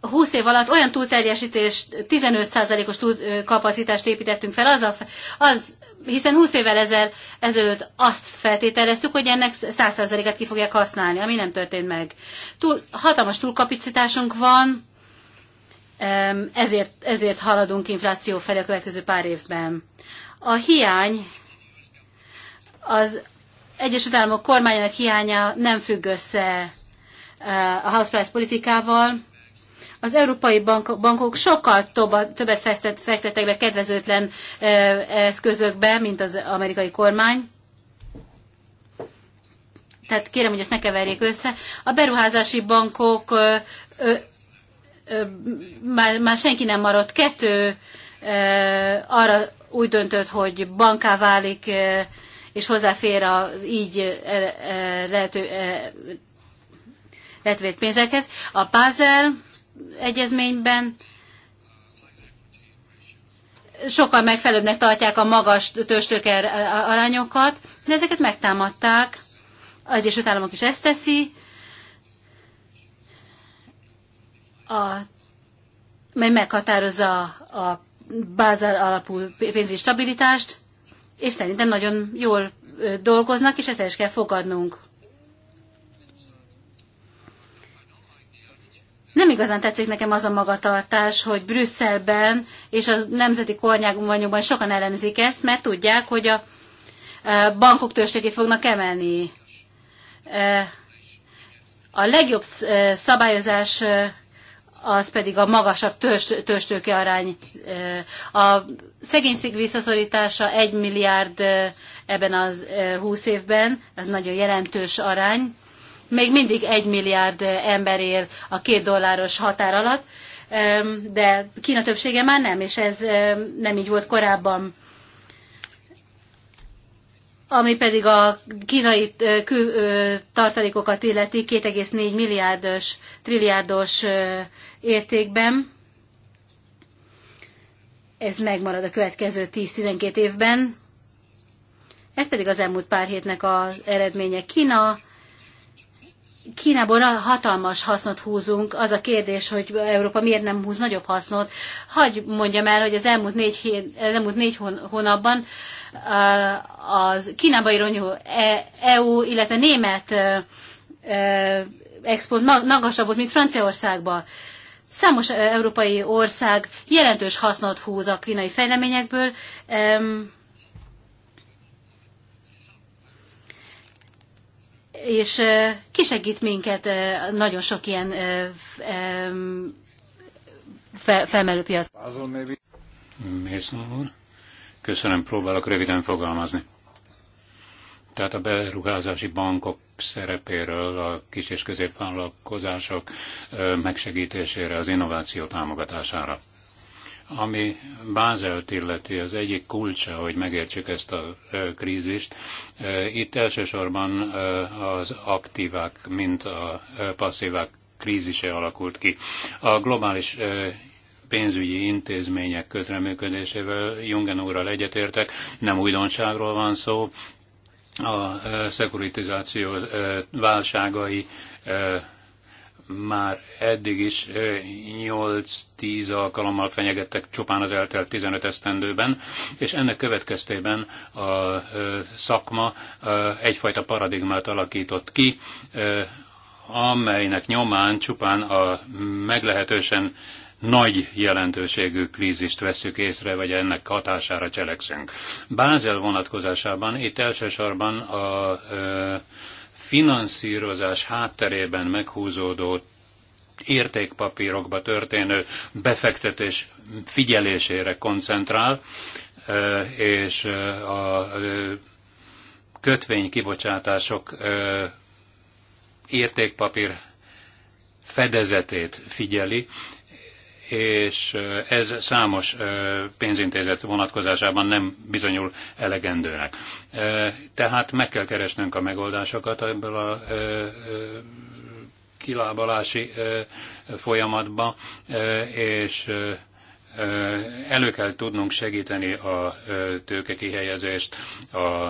20 év alatt olyan túlterjesítés, 15%-os túl kapacitást építettünk fel, az a, az, hiszen 20 évvel ezel, ezelőtt azt feltételeztük, hogy ennek 100%-et ki fogják használni, ami nem történt meg. Túl, hatalmas túlkapacitásunk van, ezért, ezért haladunk infláció felé a következő pár évben. A hiány az Egyesült Államok kormányának hiánya nem függ össze eh, a house price politikával, az európai bankok sokkal toba, többet fektet, fektettek be kedvezőtlen ö, eszközökbe, mint az amerikai kormány. Tehát kérem, hogy ezt ne keverjék össze. A beruházási bankok ö, ö, ö, már, már senki nem maradt. Kettő ö, arra úgy döntött, hogy banká válik, ö, és hozzáfér az így lehető, lehetővé pénzekhez. A Pázel egyezményben sokkal megfelelőbbnek tartják a magas tőstöker arányokat, de ezeket megtámadták. Az Egyesült Államok is ezt teszi. A, mely meghatározza a bázal alapú pénzügyi stabilitást, és szerintem nagyon jól dolgoznak, és ezt el is kell fogadnunk. Nem igazán tetszik nekem az a magatartás, hogy Brüsszelben és a nemzeti kormányokban sokan ellenzik ezt, mert tudják, hogy a e, bankok tőzsdékét fognak emelni. E, a legjobb e, szabályozás az pedig a magasabb törstőke arány. A szegénység visszaszorítása 1 milliárd ebben az 20 évben, ez nagyon jelentős arány még mindig egy milliárd ember él a két dolláros határ alatt, de Kína többsége már nem, és ez nem így volt korábban. Ami pedig a kínai tartalékokat illeti 2,4 milliárdos, trilliárdos értékben, ez megmarad a következő 10-12 évben. Ez pedig az elmúlt pár hétnek az eredménye. Kína Kínából hatalmas hasznot húzunk. Az a kérdés, hogy Európa miért nem húz nagyobb hasznot. Hagy mondjam el, hogy az elmúlt négy, hét, az elmúlt négy hónapban uh, az Kínába irányú EU, e illetve német uh, uh, export magasabb volt, mint Franciaországban. Számos európai ország jelentős hasznot húz a kínai fejleményekből, um, és kisegít minket nagyon sok ilyen felmerő piac. Mészon úr, köszönöm, próbálok röviden fogalmazni. Tehát a beruházási bankok szerepéről, a kis és középvállalkozások megsegítésére, az innováció támogatására. Ami Bázelt illeti, az egyik kulcsa, hogy megértsük ezt a krízist, itt elsősorban az aktívák, mint a passzívák krízise alakult ki. A globális pénzügyi intézmények közreműködésével Jungen úrral egyetértek, nem újdonságról van szó, a szekuritizáció válságai már eddig is 8-10 alkalommal fenyegettek csupán az eltelt 15 esztendőben, és ennek következtében a szakma egyfajta paradigmát alakított ki, amelynek nyomán csupán a meglehetősen nagy jelentőségű krízist veszük észre, vagy ennek hatására cselekszünk. Bázel vonatkozásában itt elsősorban a finanszírozás hátterében meghúzódó értékpapírokba történő befektetés figyelésére koncentrál, és a kötvénykibocsátások értékpapír fedezetét figyeli, és ez számos pénzintézet vonatkozásában nem bizonyul elegendőnek. Tehát meg kell keresnünk a megoldásokat ebből a kilábalási folyamatba, és elő kell tudnunk segíteni a tőke kihelyezést, a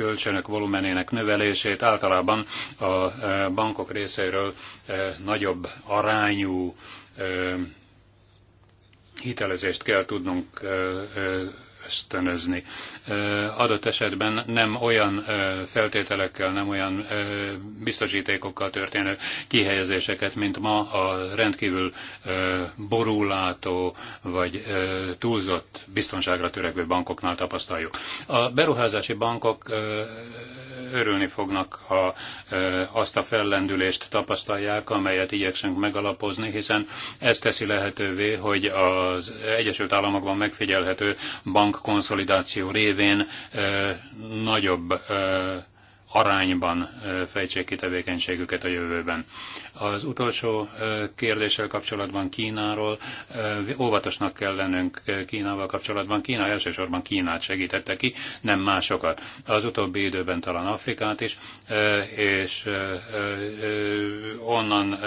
kölcsönök volumenének növelését általában a e, bankok részéről e, nagyobb arányú e, hitelezést kell tudnunk ösztönözni. Adott esetben nem olyan feltételekkel, nem olyan biztosítékokkal történő kihelyezéseket, mint ma a rendkívül borulátó vagy túlzott biztonságra törekvő bankoknál tapasztaljuk. A beruházási bankok örülni fognak, ha azt a fellendülést tapasztalják, amelyet igyekszünk megalapozni, hiszen ez teszi lehetővé, hogy az Egyesült Államokban megfigyelhető bank bankkonszolidáció révén nagyobb arányban fejtsék ki tevékenységüket a jövőben. Az utolsó kérdéssel kapcsolatban Kínáról óvatosnak kell lennünk Kínával kapcsolatban. Kína elsősorban Kínát segítette ki, nem másokat. Az utóbbi időben talán Afrikát is, és onnan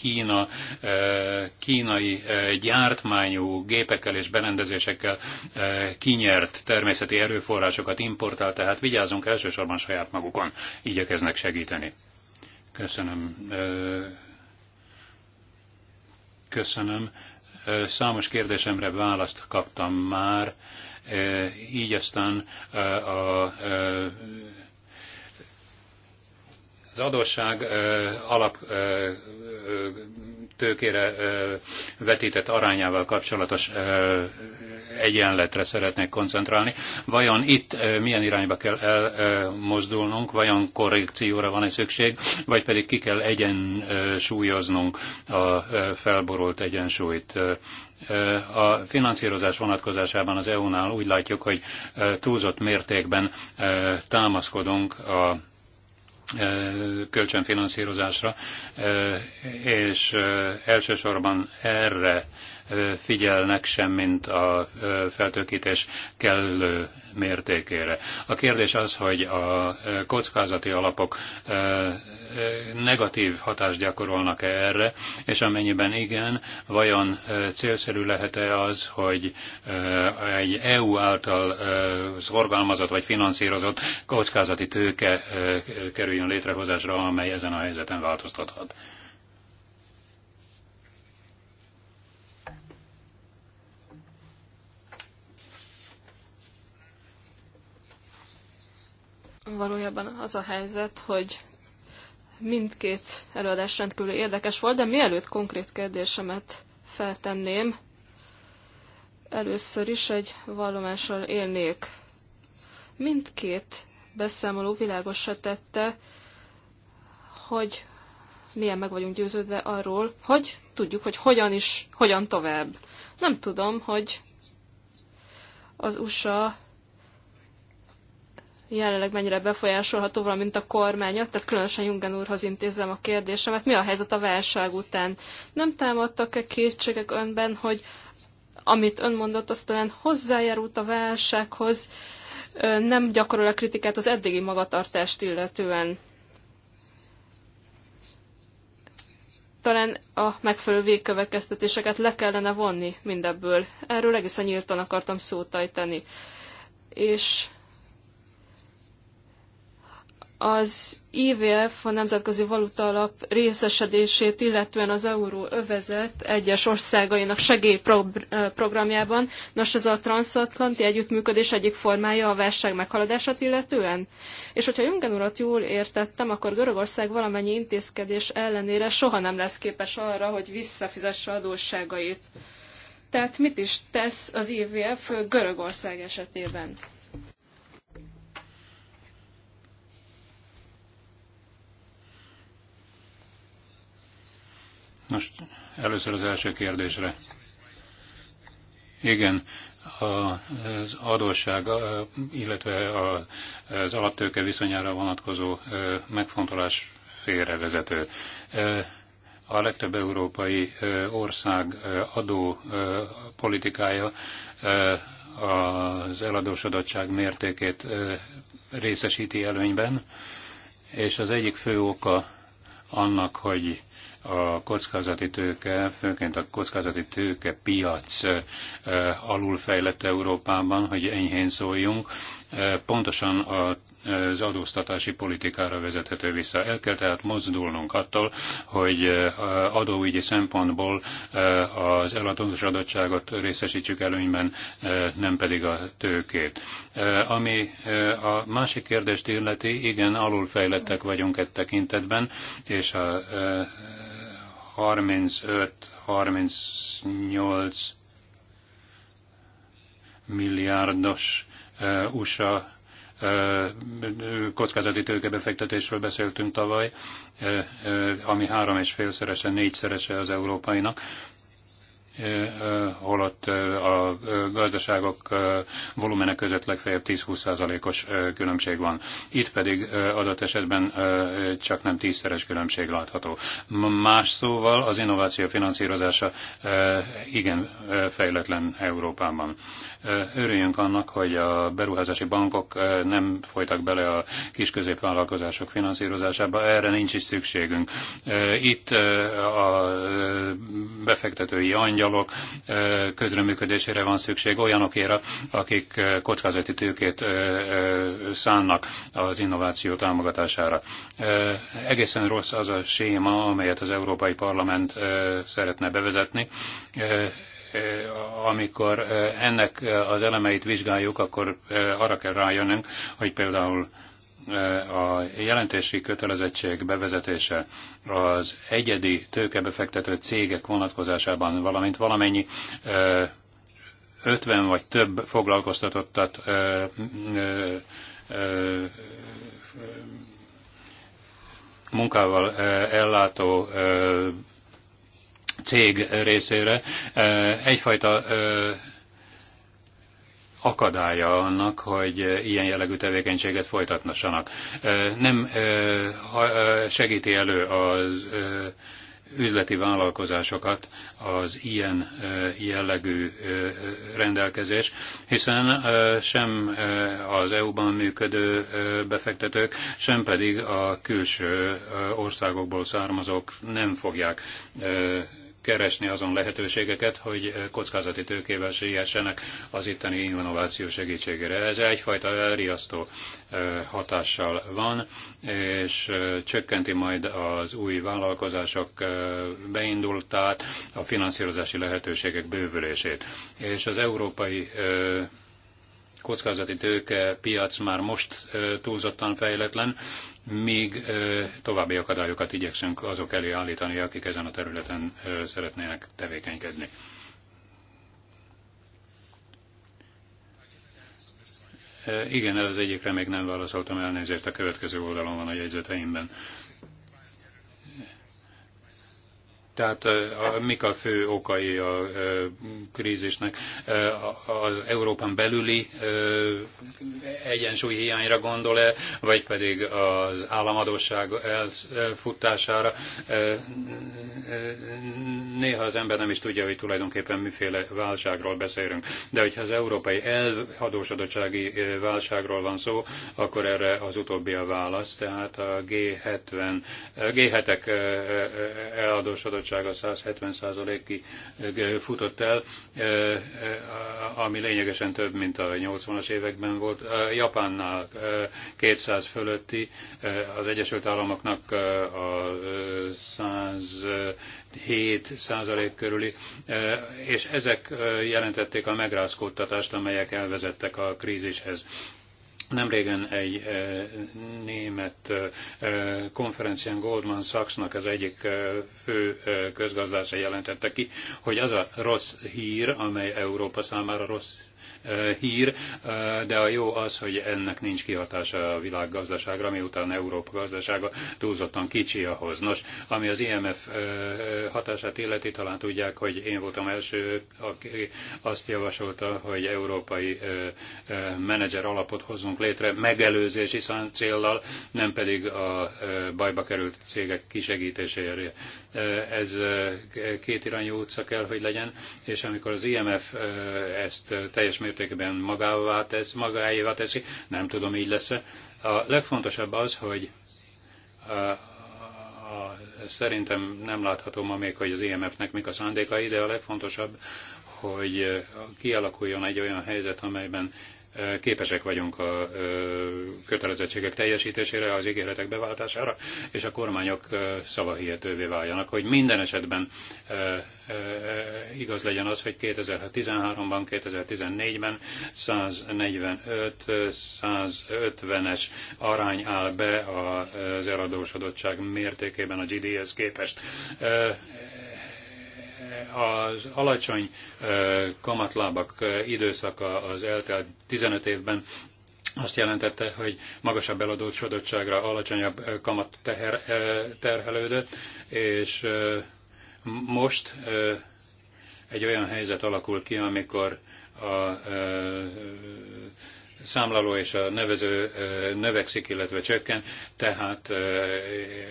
Kína, eh, kínai eh, gyártmányú gépekkel és berendezésekkel eh, kinyert természeti erőforrásokat importál, tehát vigyázzunk elsősorban saját magukon, igyekeznek segíteni. Köszönöm. Köszönöm. Számos kérdésemre választ kaptam már, így aztán a az adósság alap vetített arányával kapcsolatos egyenletre szeretnék koncentrálni. Vajon itt milyen irányba kell elmozdulnunk, vajon korrekcióra van-e szükség, vagy pedig ki kell egyensúlyoznunk a felborult egyensúlyt? A finanszírozás vonatkozásában az EU-nál úgy látjuk, hogy túlzott mértékben támaszkodunk a kölcsönfinanszírozásra, és elsősorban erre figyelnek, sem mint a feltökítés kellő mértékére. A kérdés az, hogy a kockázati alapok negatív hatást gyakorolnak-e erre, és amennyiben igen, vajon célszerű lehet-e az, hogy egy EU által szorgalmazott vagy finanszírozott kockázati tőke kerüljön létrehozásra, amely ezen a helyzeten változtathat? valójában az a helyzet, hogy mindkét előadás rendkívül érdekes volt, de mielőtt konkrét kérdésemet feltenném, először is egy vallomással élnék. Mindkét beszámoló világosra tette, hogy milyen meg vagyunk győződve arról, hogy tudjuk, hogy hogyan is, hogyan tovább. Nem tudom, hogy az USA jelenleg mennyire befolyásolható, valamint a kormánya, tehát különösen Jungen úrhoz intézem a kérdésemet, mi a helyzet a válság után? Nem támadtak-e kétségek önben, hogy amit ön mondott, azt talán hozzájárult a válsághoz, nem gyakorol a kritikát az eddigi magatartást illetően? talán a megfelelő végkövetkeztetéseket le kellene vonni mindebből. Erről egészen nyíltan akartam szót ajtani. És az IVF, e a Nemzetközi Valuta Alap részesedését, illetően az euróövezet egyes országainak segélyprogramjában. Nos, ez a transatlanti együttműködés egyik formája a válság meghaladását illetően. És hogyha Jungen urat jól értettem, akkor Görögország valamennyi intézkedés ellenére soha nem lesz képes arra, hogy visszafizesse adósságait. Tehát mit is tesz az IVF e Görögország esetében? Most először az első kérdésre. Igen, az adósság, illetve az alaptőke viszonyára vonatkozó megfontolás félrevezető. A legtöbb európai ország adó politikája az eladósodottság mértékét részesíti előnyben, és az egyik fő oka annak, hogy a kockázati tőke, főként a kockázati tőke piac alulfejlett Európában, hogy enyhén szóljunk, pontosan a az adóztatási politikára vezethető vissza. El kell tehát mozdulnunk attól, hogy adóügyi szempontból az eladós adottságot részesítsük előnyben, nem pedig a tőkét. Ami a másik kérdést illeti, igen, alulfejlettek vagyunk e tekintetben, és a 35, 38 milliárdos USA kockázati tőkebefektetésről beszéltünk tavaly, ami három és félszerese, négyszerese az európainak holott a gazdaságok volumene között legfeljebb 10-20%-os különbség van. Itt pedig adott esetben csak nem tízszeres különbség látható. Más szóval az innováció finanszírozása igen fejletlen Európában. Örüljünk annak, hogy a beruházási bankok nem folytak bele a kis középvállalkozások finanszírozásába, erre nincs is szükségünk. Itt a befektetői angyal, gyalog közreműködésére van szükség olyanokére, akik kockázati tőkét szánnak az innováció támogatására. Egészen rossz az a séma, amelyet az Európai Parlament szeretne bevezetni amikor ennek az elemeit vizsgáljuk, akkor arra kell rájönnünk, hogy például a jelentési kötelezettség bevezetése az egyedi tőkebefektető cégek vonatkozásában, valamint valamennyi 50 vagy több foglalkoztatottat munkával ellátó cég részére egyfajta akadálya annak, hogy eh, ilyen jellegű tevékenységet folytatnassanak. Eh, nem eh, segíti elő az üzleti vállalkozásokat az ilyen jellegű rendelkezés, hiszen sem az EU-ban működő befektetők, sem pedig a külső országokból származók nem fogják keresni azon lehetőségeket, hogy eh, kockázati tőkével siessenek az itteni innováció segítségére. Ez egyfajta elriasztó eh, hatással van, és eh, csökkenti majd az új vállalkozások beindultát, a finanszírozási lehetőségek bővülését. És az európai kockázati tőke piac már most túlzottan fejletlen, míg további akadályokat igyekszünk azok elé állítani, akik ezen a területen szeretnének tevékenykedni. Igen, az egyikre még nem válaszoltam, elnézést a következő oldalon van a jegyzeteimben. Tehát mik a fő okai a, a krízisnek? Az Európán belüli egyensúly hiányra gondol-e, vagy pedig az államadóság elfuttására? néha az ember nem is tudja, hogy tulajdonképpen miféle válságról beszélünk. De hogyha az európai elhadósodottsági válságról van szó, akkor erre az utóbbi a válasz. Tehát a G70, G7-ek eladósodottsága 170%-ig futott el, ami lényegesen több, mint a 80-as években volt. Japánnál 200 fölötti, az Egyesült Államoknak a 100 7% körüli, és ezek jelentették a megrázkódtatást, amelyek elvezettek a krízishez. Nemrégen egy német konferencián Goldman Sachsnak az egyik fő közgazdása jelentette ki, hogy az a rossz hír, amely Európa számára rossz hír, de a jó az, hogy ennek nincs kihatása a világgazdaságra, miután Európa gazdasága túlzottan kicsi ahhoz. Nos, ami az IMF hatását illeti, talán tudják, hogy én voltam első, aki azt javasolta, hogy európai menedzser alapot hozzunk létre megelőzési céllal, nem pedig a bajba került cégek kisegítésére. Ez két irányú utca kell, hogy legyen, és amikor az IMF ezt teljes mértékben mértékben magává tesz, magáévá teszi, nem tudom, így lesz -e. A legfontosabb az, hogy a, a, szerintem nem látható ma még, hogy az IMF-nek mik a szándékai, de a legfontosabb, hogy kialakuljon egy olyan helyzet, amelyben képesek vagyunk a kötelezettségek teljesítésére, az ígéretek beváltására, és a kormányok szavahihetővé váljanak, hogy minden esetben igaz legyen az, hogy 2013-ban, 2014-ben 145-150-es arány áll be az eladósodottság mértékében a GDS képest az alacsony kamatlábak időszaka az eltelt 15 évben azt jelentette, hogy magasabb eladósodottságra alacsonyabb kamat teher, terhelődött, és most egy olyan helyzet alakul ki, amikor a számláló és a nevező növekszik, illetve csökken, tehát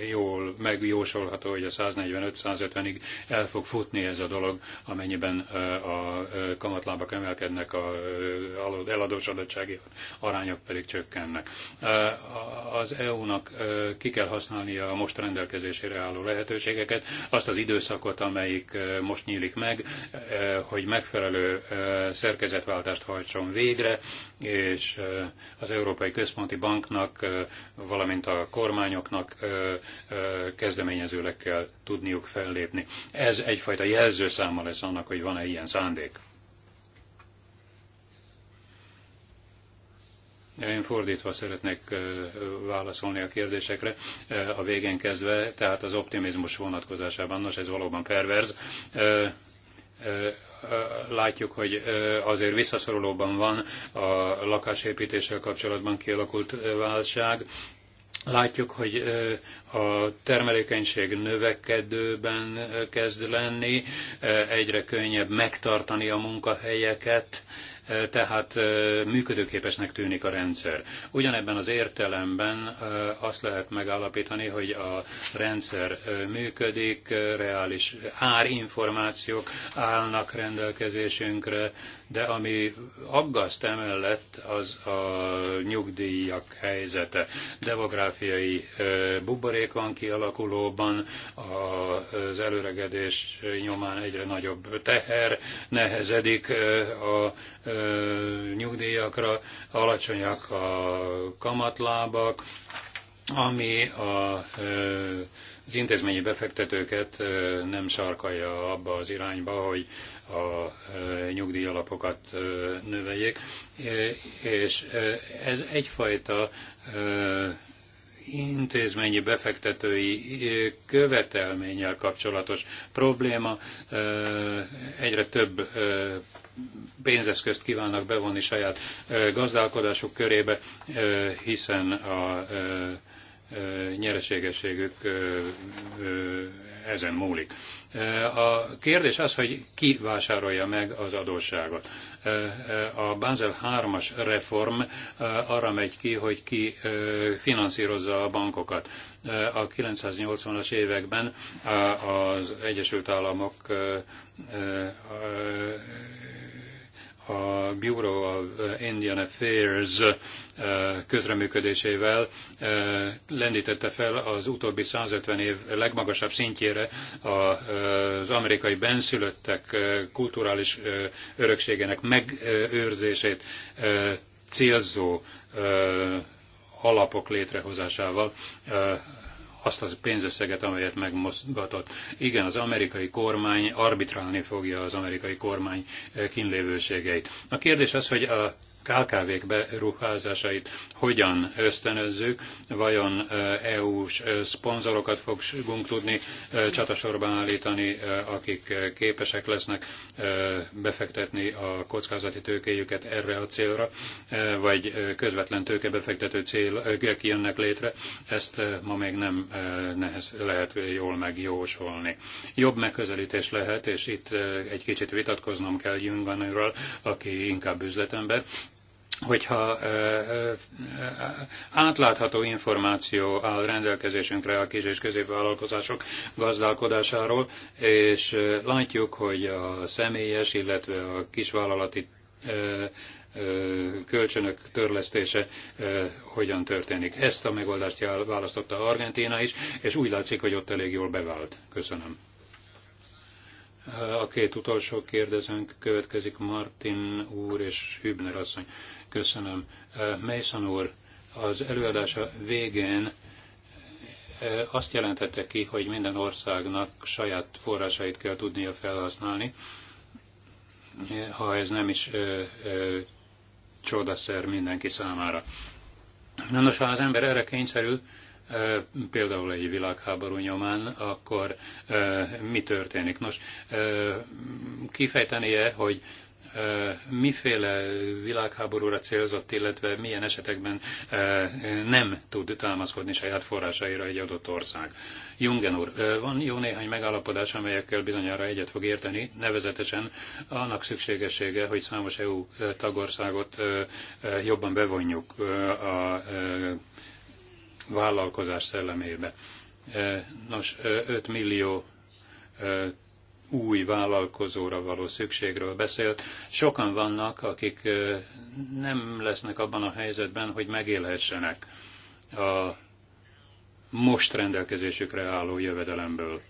jól megjósolható, hogy a 145-150-ig el fog futni ez a dolog, amennyiben a kamatlábak emelkednek, a eladósodottsági arányok pedig csökkennek. Az EU-nak ki kell használnia a most rendelkezésére álló lehetőségeket, azt az időszakot, amelyik most nyílik meg, hogy megfelelő szerkezetváltást hajtson végre, és és az Európai Központi Banknak, valamint a kormányoknak kezdeményezőleg kell tudniuk fellépni. Ez egyfajta jelzőszáma lesz annak, hogy van-e ilyen szándék. Én fordítva szeretnék válaszolni a kérdésekre, a végén kezdve, tehát az optimizmus vonatkozásában, nos ez valóban perverz, látjuk, hogy azért visszaszorulóban van a lakásépítéssel kapcsolatban kialakult válság. Látjuk, hogy a termelékenység növekedőben kezd lenni, egyre könnyebb megtartani a munkahelyeket, Eh, tehát eh, működőképesnek tűnik a rendszer. Ugyanebben az értelemben eh, azt lehet megállapítani, hogy a rendszer működik, reális árinformációk állnak rendelkezésünkre, de ami aggaszt emellett, az a nyugdíjak helyzete. Demográfiai buborék van kialakulóban, az előregedés nyomán egyre nagyobb teher nehezedik a nyugdíjakra, alacsonyak a kamatlábak, ami a az intézményi befektetőket nem sarkalja abba az irányba, hogy a e, nyugdíjalapokat e, növeljék, e, és ez egyfajta intézményi befektetői követelménnyel kapcsolatos probléma. Egyre több pénzeszközt kívánnak bevonni saját gazdálkodásuk körébe, hiszen a nyereségességük ezen múlik. Eh, a kérdés az, hogy ki vásárolja meg az adósságot. Eh, eh, a Basel 3-as reform arra megy ki, hogy ki finanszírozza a bankokat. A 980-as években az Egyesült Államok a Bureau of Indian Affairs eh, közreműködésével eh, lendítette fel az utóbbi 150 év legmagasabb szintjére az amerikai benszülöttek eh, kulturális örökségének megőrzését célzó alapok létrehozásával azt az pénzösszeget, amelyet megmozgatott. Igen, az amerikai kormány arbitrálni fogja az amerikai kormány eh, kínlévőségeit. A kérdés az, hogy a KKV-k beruházásait hogyan ösztönözzük, vajon EU-s szponzorokat fogunk tudni csatasorban állítani, akik képesek lesznek befektetni a kockázati tőkéjüket erre a célra, vagy közvetlen tőkebefektető célok jönnek létre, ezt ma még nem nehez, lehet jól megjósolni. Jobb megközelítés lehet, és itt egy kicsit vitatkoznom kell Jungvanőről, aki inkább üzletember, hogyha átlátható információ áll rendelkezésünkre a kis és középvállalkozások gazdálkodásáról, és látjuk, hogy a személyes, illetve a kisvállalati kölcsönök törlesztése hogyan történik. Ezt a megoldást választotta Argentína is, és úgy látszik, hogy ott elég jól bevált. Köszönöm. A két utolsó kérdezőnk következik Martin úr és Hübner asszony. Köszönöm. Mason úr, az előadása végén azt jelentette ki, hogy minden országnak saját forrásait kell tudnia felhasználni, ha ez nem is ö, ö, csodaszer mindenki számára. Na nos, ha az ember erre kényszerül, például egy világháború nyomán, akkor mi történik? Nos, kifejtenie, hogy miféle világháborúra célzott, illetve milyen esetekben nem tud támaszkodni saját forrásaira egy adott ország. Jungen úr, van jó néhány megállapodás, amelyekkel bizonyára egyet fog érteni, nevezetesen annak szükségessége, hogy számos EU tagországot jobban bevonjuk a vállalkozás szellemébe. E, nos, 5 e, millió e, új vállalkozóra való szükségről beszélt. Sokan vannak, akik nem lesznek abban a helyzetben, hogy megélhessenek a most rendelkezésükre álló jövedelemből.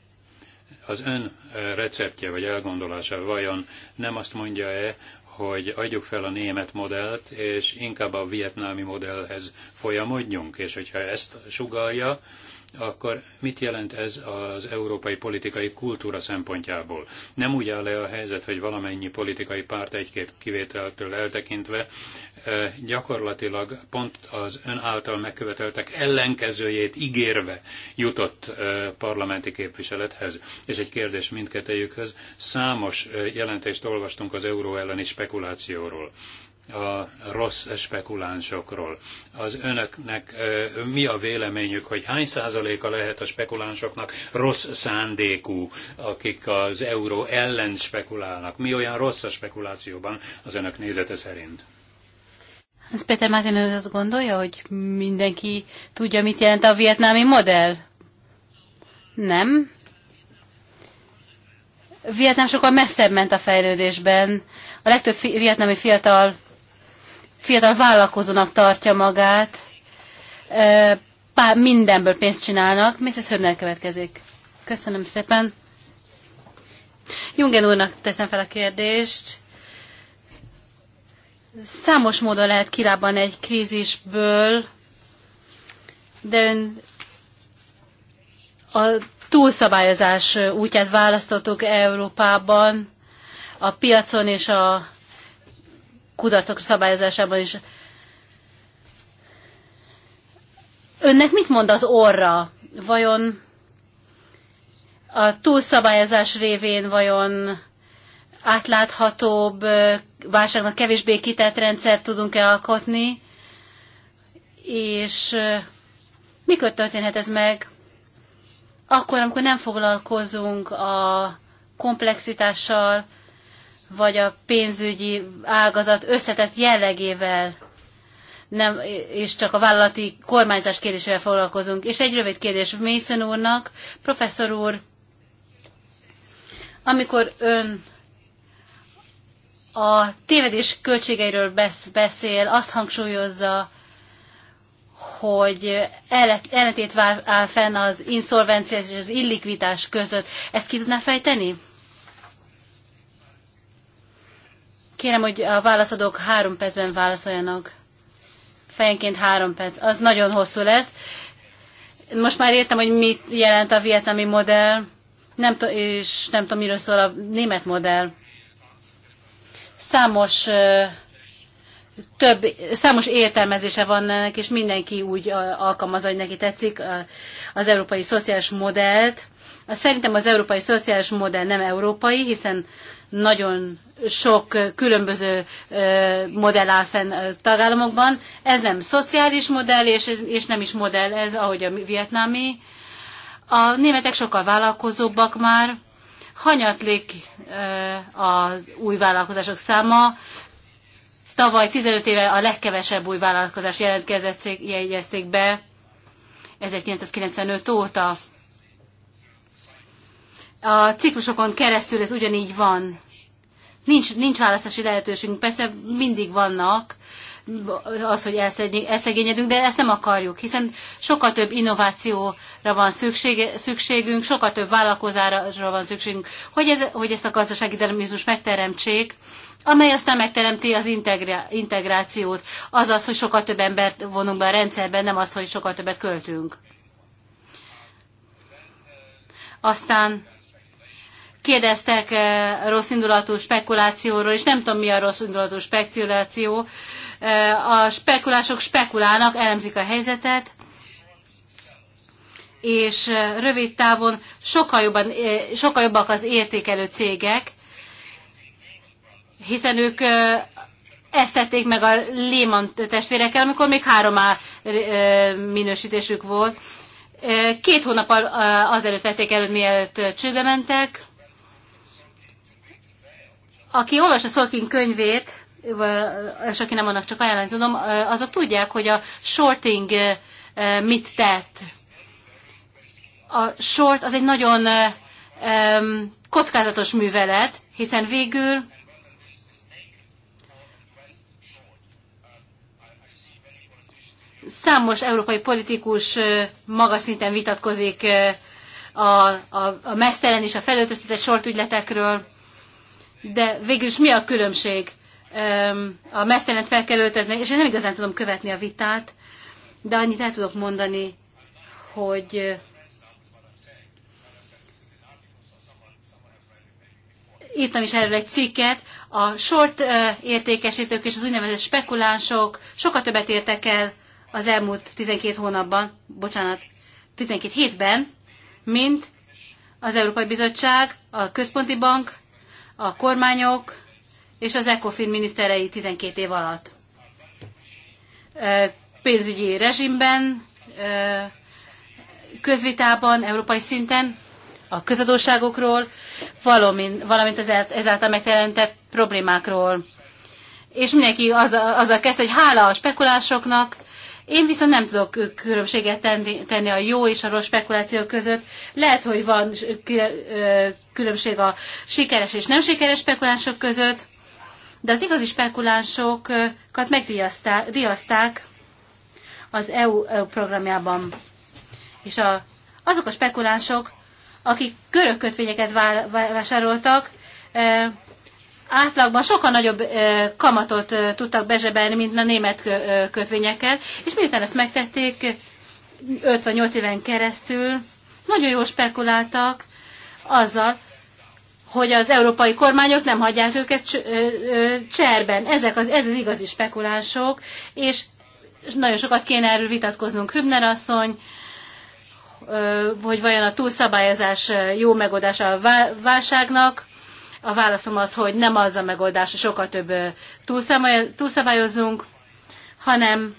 Az ön receptje vagy elgondolása vajon nem azt mondja-e, hogy adjuk fel a német modellt, és inkább a vietnámi modellhez folyamodjunk, és hogyha ezt sugalja, akkor mit jelent ez az európai politikai kultúra szempontjából? Nem úgy áll e a helyzet, hogy valamennyi politikai párt egy-két kivételtől eltekintve eh, gyakorlatilag pont az ön által megköveteltek ellenkezőjét ígérve jutott eh, parlamenti képviselethez. És egy kérdés mindkettejükhöz. Számos eh, jelentést olvastunk az euró elleni spekulációról a rossz spekulánsokról. Az önöknek mi a véleményük, hogy hány százaléka lehet a spekulánsoknak rossz szándékú, akik az euró ellen spekulálnak? Mi olyan rossz a spekulációban az önök nézete szerint? Az Péter Martin azt gondolja, hogy mindenki tudja, mit jelent a vietnámi modell? Nem. Vietnám sokkal messzebb ment a fejlődésben. A legtöbb fi- vietnámi fiatal fiatal vállalkozónak tartja magát, pár mindenből pénzt csinálnak. Mrs. Hörnel következik. Köszönöm szépen. Jungen úrnak teszem fel a kérdést. Számos módon lehet kirában egy krízisből, de ön a túlszabályozás útját választottuk Európában, a piacon és a kudarcok szabályozásában is. Önnek mit mond az orra? Vajon a túlszabályozás révén vajon átláthatóbb, válságnak kevésbé kitett rendszert tudunk-e alkotni, és mikor történhet ez meg? Akkor, amikor nem foglalkozunk a komplexitással, vagy a pénzügyi ágazat összetett jellegével nem, és csak a vállalati kormányzás kérdésével foglalkozunk. És egy rövid kérdés Mason úrnak. Professzor úr, amikor ön a tévedés költségeiről beszél, azt hangsúlyozza, hogy ellentét áll fenn az inszolvencia és az illikvitás között. Ezt ki tudná fejteni? Kérem, hogy a válaszadók három percben válaszoljanak. Fejenként három perc. Az nagyon hosszú lesz. Most már értem, hogy mit jelent a vietnami modell, nem és nem tudom, miről szól a német modell. Számos több, számos értelmezése van ennek, és mindenki úgy alkalmaz, hogy neki tetszik az európai szociális modellt, Szerintem az európai szociális modell nem európai, hiszen nagyon sok különböző modell áll fenn a tagállamokban. Ez nem szociális modell, és, és nem is modell ez, ahogy a vietnámi. A németek sokkal vállalkozóbbak már, hanyatlik az új vállalkozások száma. Tavaly 15 éve a legkevesebb új vállalkozás jelentkezett, jegyezték be 1995 óta a ciklusokon keresztül ez ugyanígy van. Nincs, nincs választási lehetőségünk, persze mindig vannak az, hogy elszegényedünk, de ezt nem akarjuk, hiszen sokkal több innovációra van szükség, szükségünk, sokkal több vállalkozásra van szükségünk, hogy, ez, hogy ezt a gazdasági dinamizmus megteremtsék, amely aztán megteremti az integrá- integrációt, azaz, hogy sokkal több embert vonunk be a rendszerben, nem az, hogy sokkal többet költünk. Aztán kérdeztek eh, rosszindulatú spekulációról, és nem tudom, mi a rosszindulatú spekuláció. Eh, a spekulások spekulálnak, elemzik a helyzetet, és eh, rövid távon sokkal, jobban, sokkal jobbak az értékelő cégek, hiszen ők ezt tették meg a Lehman testvérekkel, amikor még három minősítésük volt. Két hónap azelőtt vették előtt, mielőtt csődbe mentek, aki a Szolkin könyvét, és aki nem annak csak ajánlani tudom, azok tudják, hogy a shorting mit tett. A short az egy nagyon kockázatos művelet, hiszen végül számos európai politikus magas szinten vitatkozik a, a, a mesztelen és a felöltöztetett ügyletekről de végül is mi a különbség a mesztelen felkerültetnek, és én nem igazán tudom követni a vitát, de annyit el tudok mondani, hogy írtam is erről egy cikket, a short értékesítők és az úgynevezett spekulánsok sokat többet értek el az elmúlt 12 hónapban, bocsánat, 12 hétben, mint az Európai Bizottság, a Központi Bank a kormányok és az ECOFIN miniszterei 12 év alatt. Pénzügyi rezsimben, közvitában, európai szinten, a közadóságokról, valamint az ezáltal megjelentett problémákról. És mindenki azzal, azzal kezdte, hogy hála a spekulásoknak, én viszont nem tudok különbséget tenni a jó és a rossz spekuláció között. Lehet, hogy van különbség a sikeres és nem sikeres spekulánsok között, de az igazi spekulánsokat megdiaszták az EU e programjában. És a, azok a spekulánsok, akik görög vásároltak, átlagban sokkal nagyobb kamatot tudtak bezsebelni, mint a német kötvényekkel, és miután ezt megtették 58 éven keresztül, nagyon jól spekuláltak azzal, hogy az európai kormányok nem hagyják őket cserben. Ezek az, ez az igazi spekulások, és nagyon sokat kéne erről vitatkoznunk. Hübner asszony, hogy vajon a túlszabályozás jó megoldása a válságnak, a válaszom az, hogy nem az a megoldás, hogy sokkal több túlszabályozunk, hanem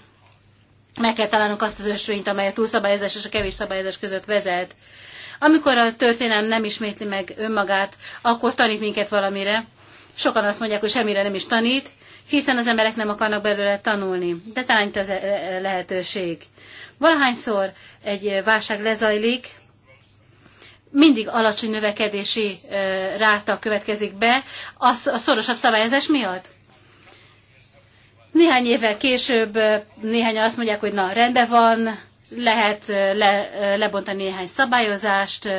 meg kell találnunk azt az ösvényt, amely a túlszabályozás és a kevés szabályozás között vezet. Amikor a történelem nem ismétli meg önmagát, akkor tanít minket valamire. Sokan azt mondják, hogy semmire nem is tanít, hiszen az emberek nem akarnak belőle tanulni. De talán itt az e- e- lehetőség. Valahányszor egy válság lezajlik, mindig alacsony növekedési ráta következik be a szorosabb szabályozás miatt. Néhány évvel később néhányan azt mondják, hogy na rendben van, lehet le, lebontani néhány szabályozást,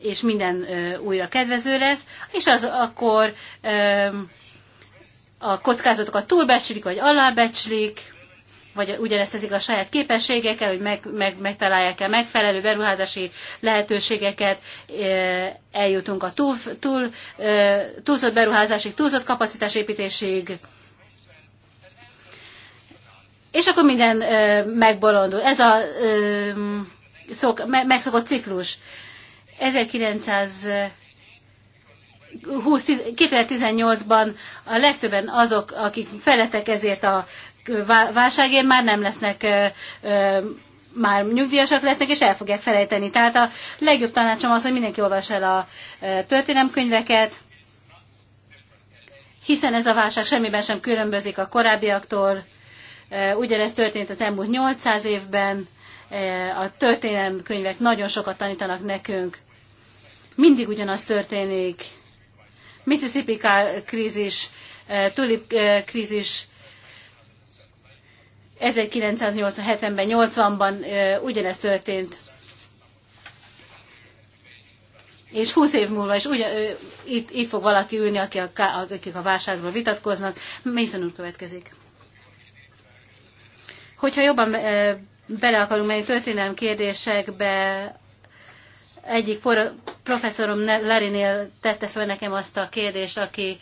és minden újra kedvező lesz, és az akkor a kockázatokat túlbecslik, vagy alábecslik, vagy ugyanezt teszik a saját képességekkel, hogy meg, meg, megtalálják a megfelelő beruházási lehetőségeket, eljutunk a túl, túl, túlzott beruházásig, túlzott kapacitásépítésig, és akkor minden megbolondul. Ez a szok, megszokott ciklus. 1900 20, 2018-ban a legtöbben azok, akik feletek ezért a válságért már nem lesznek már nyugdíjasak lesznek, és el fogják felejteni. Tehát a legjobb tanácsom az, hogy mindenki olvas el a történelemkönyveket, hiszen ez a válság semmiben sem különbözik a korábbiaktól. Ugyanez történt az elmúlt 800 évben. A történelemkönyvek nagyon sokat tanítanak nekünk. Mindig ugyanaz történik. Mississippi krízis, tulip krízis, 1970-ben, 80-ban ugyanezt történt. És 20 év múlva is ugyan, itt, itt fog valaki ülni, aki a, akik a válságról vitatkoznak. Mason úr következik. Hogyha jobban bele akarunk menni történelmi kérdésekbe, egyik professzorom Larinél tette fel nekem azt a kérdést, aki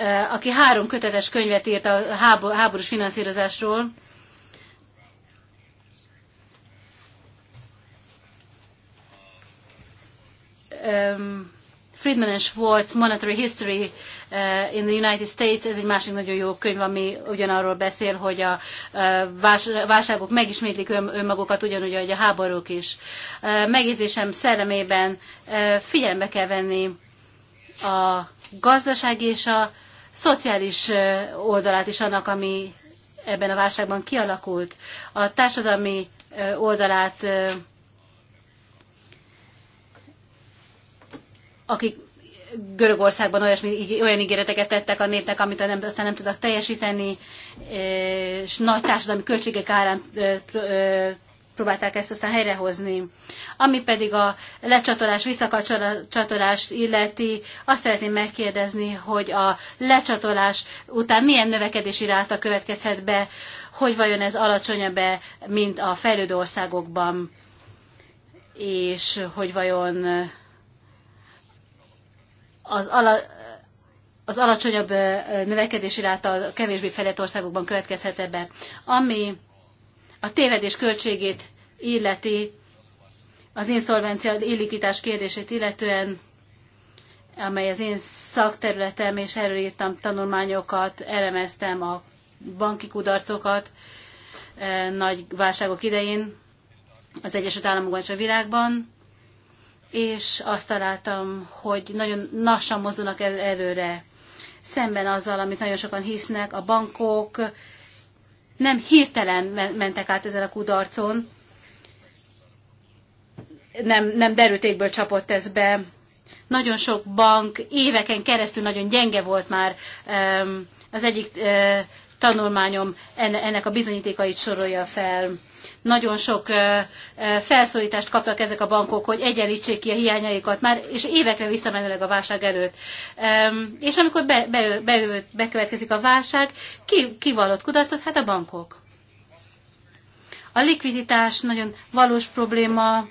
Eh, aki három kötetes könyvet írt a háborús finanszírozásról. Um, Friedman and Schwartz Monetary History uh, in the United States, ez egy másik nagyon jó könyv, ami ugyanarról beszél, hogy a uh, válságok megismétlik ön, önmagukat, ugyanúgy, ahogy a háborúk is. Uh, megjegyzésem szellemében uh, figyelembe kell venni a gazdaság és a szociális oldalát is annak, ami ebben a válságban kialakult. A társadalmi oldalát, akik Görögországban olyasmi, olyan ígéreteket tettek a népnek, amit nem, aztán nem tudtak teljesíteni, és nagy társadalmi költségek árán próbálták ezt aztán helyrehozni. Ami pedig a lecsatolás, visszakacsatolást illeti, azt szeretném megkérdezni, hogy a lecsatolás után milyen növekedési ráta következhet be, hogy vajon ez alacsonyabb-e, mint a fejlődő országokban, és hogy vajon az ala, az alacsonyabb növekedési ráta a kevésbé fejlett országokban következhet ebbe. Ami a tévedés költségét illeti, az inszolvencia illikvitás kérdését illetően, amely az én szakterületem, és erről írtam tanulmányokat, elemeztem a banki kudarcokat e, nagy válságok idején az Egyesült Államokban és a világban, és azt találtam, hogy nagyon lassan mozdulnak el előre, szemben azzal, amit nagyon sokan hisznek, a bankok nem hirtelen mentek át ezen a kudarcon, nem, nem derültékből csapott ez be. Nagyon sok bank éveken keresztül nagyon gyenge volt már. Az egyik eh, tanulmányom ennek a bizonyítékait sorolja fel nagyon sok felszólítást kaptak ezek a bankok, hogy egyenlítsék ki a hiányaikat már, és évekre visszamenőleg a válság előtt. És amikor be, be, be, bekövetkezik a válság, ki, kivallott kudarcot? Hát a bankok. A likviditás nagyon valós probléma,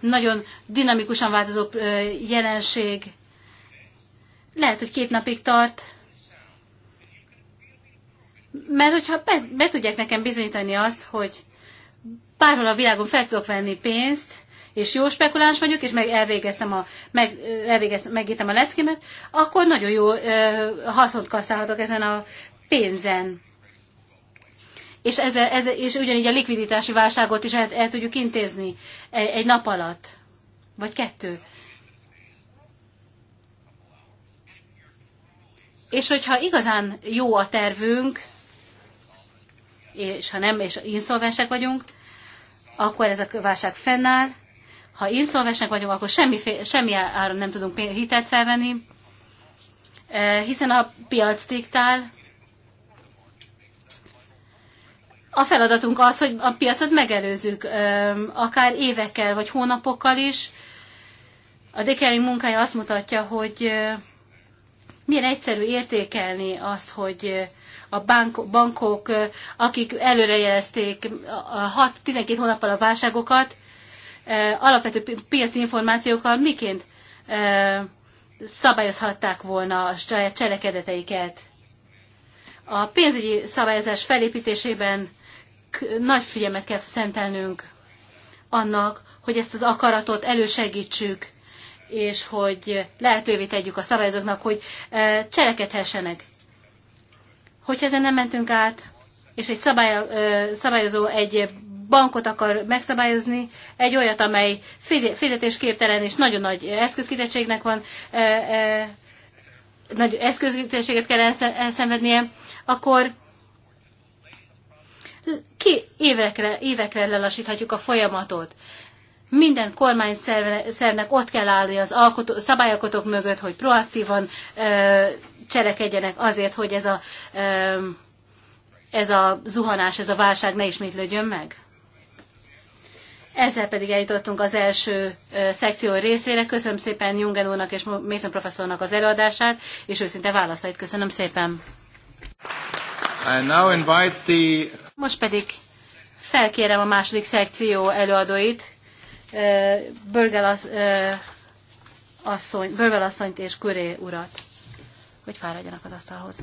nagyon dinamikusan változó jelenség. Lehet, hogy két napig tart, mert hogyha be, be tudják nekem bizonyítani azt, hogy bárhol a világon fel tudok venni pénzt, és jó spekuláns vagyok, és meg elvégeztem a, meg, elvégeztem, megírtam a leckémet, akkor nagyon jó ö, haszont kasszálhatok ezen a pénzen. És, ez, ez, és ugyanígy a likviditási válságot is el, el tudjuk intézni egy, egy nap alatt, vagy kettő. És hogyha igazán jó a tervünk, és ha nem, és inszolvensek vagyunk, akkor ez a válság fennáll. Ha inszolvesnek vagyunk, akkor semmi, semmi áron nem tudunk hitelt felvenni, hiszen a piac diktál. A feladatunk az, hogy a piacot megelőzzük, akár évekkel vagy hónapokkal is. A dekering munkája azt mutatja, hogy milyen egyszerű értékelni azt, hogy eh, a bankok, eh, akik előrejelezték 6, eh, 12 hónappal a válságokat, alapvető piaci információkkal miként szabályozhatták volna a cselekedeteiket. A pénzügyi szabályozás felépítésében nagy figyelmet kell szentelnünk annak, hogy ezt az akaratot elősegítsük, és hogy lehetővé tegyük a szabályozóknak, hogy eh, cselekedhessenek. Hogyha ezen nem mentünk át, és egy szabály, eh, szabályozó egy bankot akar megszabályozni, egy olyat, amely fizetésképtelen és nagyon nagy eszközkitettségnek van, eh, nagy eszközkitettséget kell elszenvednie, akkor ki évekre, évekre lelassíthatjuk a folyamatot minden kormány szervnek ott kell állni az alkotó, szabályalkotók mögött, hogy proaktívan ö, cselekedjenek azért, hogy ez a, ö, ez a zuhanás, ez a válság ne ismétlődjön meg. Ezzel pedig eljutottunk az első szekció részére. Köszönöm szépen Jungen úrnak és Mason professzornak az előadását, és őszinte válaszait. Köszönöm szépen. The... Most pedig felkérem a második szekció előadóit, Bölgel asszonyt és Köré urat, hogy fáradjanak az asztalhoz.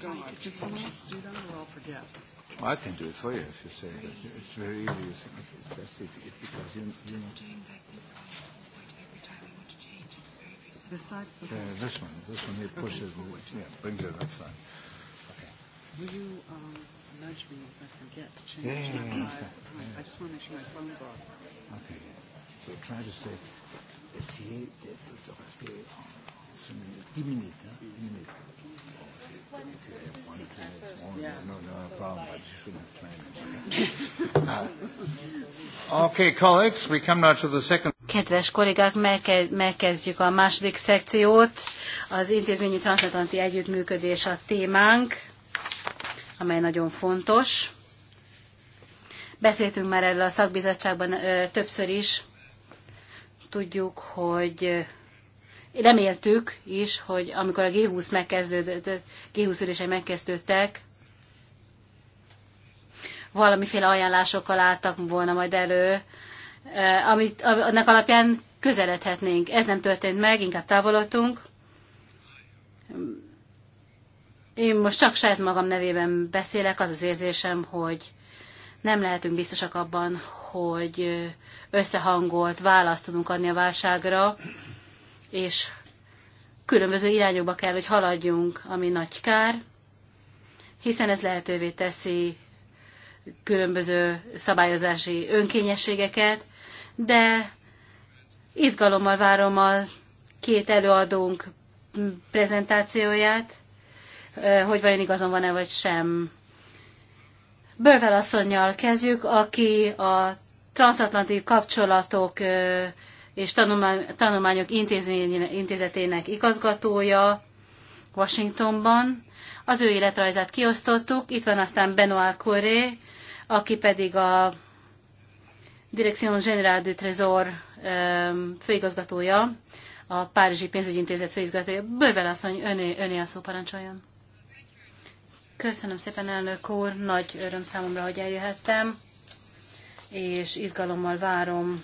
I can do it for you if you say that. It's very easy. It's best if, if because you, you know. This side? Okay. Uh, this one. This one it pushes. Okay. Yeah, brings it up side. Okay. Will you um, nudge me if I forget to change yeah, yeah, yeah, my, yeah. yeah. I just want to make sure my phone's off. Okay. So try to say. Essayez d'être resté 10 minutes. Hein, 10 minutes. Kedves kollégák, megkezdjük a második szekciót. Az intézményi transzatlanti együttműködés a témánk, amely nagyon fontos. Beszéltünk már erről a szakbizottságban többször is. Tudjuk, hogy reméltük is, hogy amikor a G20 megkezdődött, G20 ülései megkezdődtek, valamiféle ajánlásokkal álltak volna majd elő, eh, amit, annak alapján közeledhetnénk. Ez nem történt meg, inkább távolodtunk. Én most csak saját magam nevében beszélek, az az érzésem, hogy nem lehetünk biztosak abban, hogy összehangolt választ tudunk adni a válságra, és különböző irányokba kell, hogy haladjunk, ami nagy kár, hiszen ez lehetővé teszi különböző szabályozási önkényességeket, de izgalommal várom a két előadónk prezentációját, hogy vajon igazon van-e vagy sem. Bővel asszonynal kezdjük, aki a transatlanti kapcsolatok és Tanulmányok Intézetének igazgatója Washingtonban. Az ő életrajzát kiosztottuk, itt van aztán Benoit Coré, aki pedig a Direction General du Trésor főigazgatója, a Párizsi Pénzügyintézet főigazgatója. Bővel asszony, öné, öné a szó parancsoljon. Köszönöm szépen, elnök úr, nagy öröm számomra, hogy eljöhettem, és izgalommal várom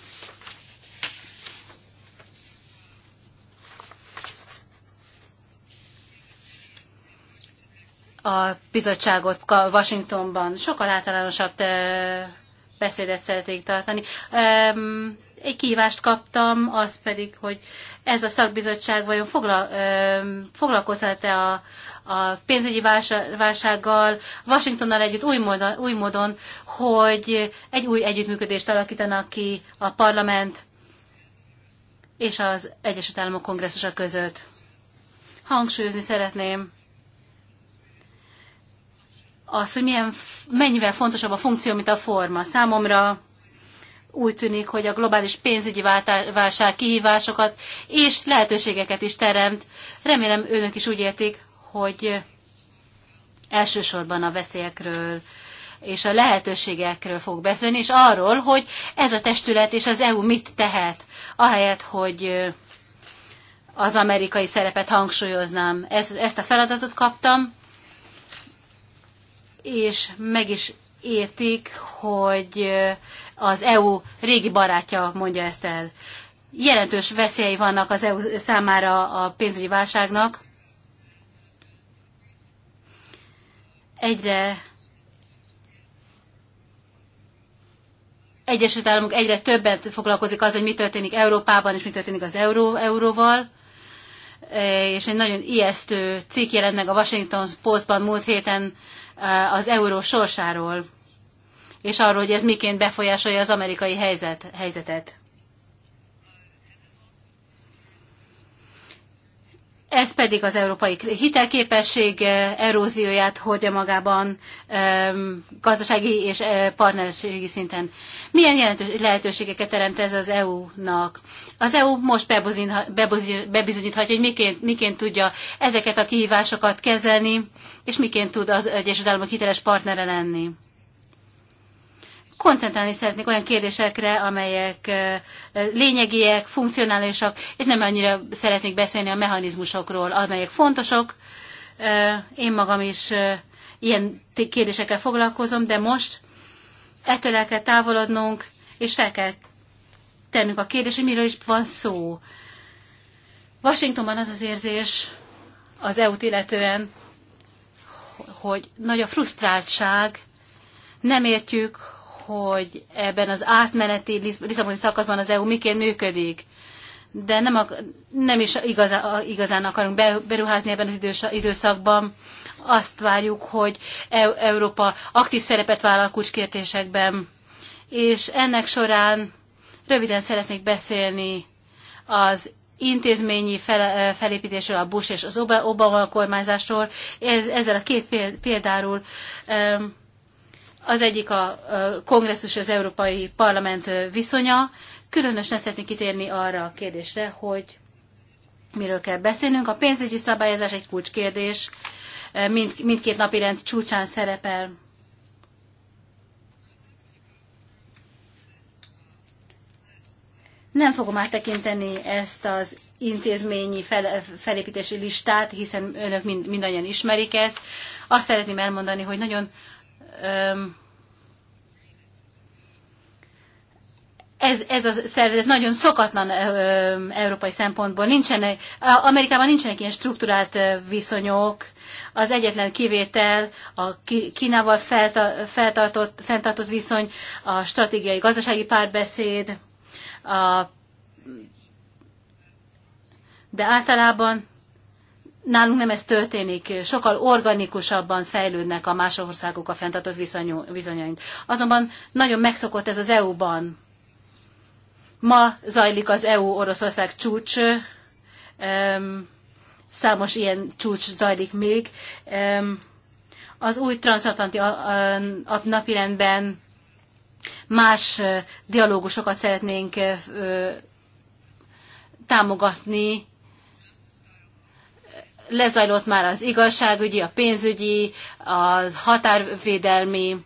a bizottságot Washingtonban. Sokkal általánosabb beszédet szeretnék tartani. Egy kívást kaptam, az pedig, hogy ez a szakbizottság vajon foglal, foglalkozhat-e a, a pénzügyi válsággal, Washingtonnal együtt új módon, új módon, hogy egy új együttműködést alakítanak ki a parlament és az Egyesült Államok kongresszusa között. Hangsúlyozni szeretném, az, hogy milyen, mennyivel fontosabb a funkció, mint a forma. Számomra úgy tűnik, hogy a globális pénzügyi válság kihívásokat és lehetőségeket is teremt. Remélem önök is úgy értik, hogy elsősorban a veszélyekről és a lehetőségekről fog beszélni, és arról, hogy ez a testület és az EU mit tehet, ahelyett, hogy az amerikai szerepet hangsúlyoznám. Ez, ezt a feladatot kaptam, és meg is értik, hogy az EU régi barátja mondja ezt el. Jelentős veszélyei vannak az EU számára a pénzügyi válságnak. Egyre Egyesült Államok egyre többet foglalkozik az, hogy mi történik Európában, és mi történik az euró, euróval. És egy nagyon ijesztő cikk jelent meg a Washington Postban múlt héten Eh, az euró sorsáról, és arról, hogy ez miként befolyásolja az amerikai helyzet, helyzetet. ez pedig az európai hitelképesség eh, erózióját hordja magában gazdasági és eh, partnerségi szinten. Milyen jelentős lehetőségeket teremt ez az EU-nak? Az EU most bebizonyíthatja, hogy miként, miként tudja ezeket a kihívásokat kezelni, és miként tud az Egyesült Államok hiteles partnere lenni koncentrálni szeretnék olyan kérdésekre, amelyek lényegiek, funkcionálisak, és nem annyira szeretnék beszélni a mechanizmusokról, amelyek fontosok. Én magam is ilyen kérdésekkel foglalkozom, de most ettől el kell távolodnunk, és fel kell tennünk a kérdést, hogy miről is van szó. Washingtonban az az érzés az EU-t illetően, hogy nagy a frusztráltság, nem értjük, hogy ebben az átmeneti Lisszaboni szakaszban az EU miként működik. De nem, ak- nem is igazán, igazán akarunk beruházni ebben az idős- időszakban. Azt várjuk, hogy e- Európa aktív szerepet vállal kulcskértésekben. És ennek során röviden szeretnék beszélni az intézményi fel, felépítésről, a Bush és az Obama kormányzásról, ez, ezzel a két példáról um, az egyik a kongresszus az Európai Parlament viszonya. Különösen szeretnék kitérni arra a kérdésre, hogy miről kell beszélnünk. A pénzügyi szabályozás egy kulcskérdés, Mind, mindkét rend csúcsán szerepel. Nem fogom áttekinteni ezt az intézményi fel, felépítési listát, hiszen önök mind, mindannyian ismerik ezt. Azt szeretném elmondani, hogy nagyon ez, ez a szervezet nagyon szokatlan európai szempontból. Nincsenek, Amerikában nincsenek ilyen struktúrált viszonyok. Az egyetlen kivétel a Kínával feltartott feltartott, fenntartott viszony, a stratégiai gazdasági párbeszéd, a, de általában Nálunk nem ez történik, sokkal organikusabban fejlődnek a más országok a fenntartott viszonyaink. Azonban nagyon megszokott ez az EU-ban. Ma zajlik az EU-Oroszország csúcs, számos ilyen csúcs zajlik még. Az új transatlanti napirendben más eh, dialógusokat szeretnénk eh, támogatni, lezajlott már az igazságügyi, a pénzügyi, a határvédelmi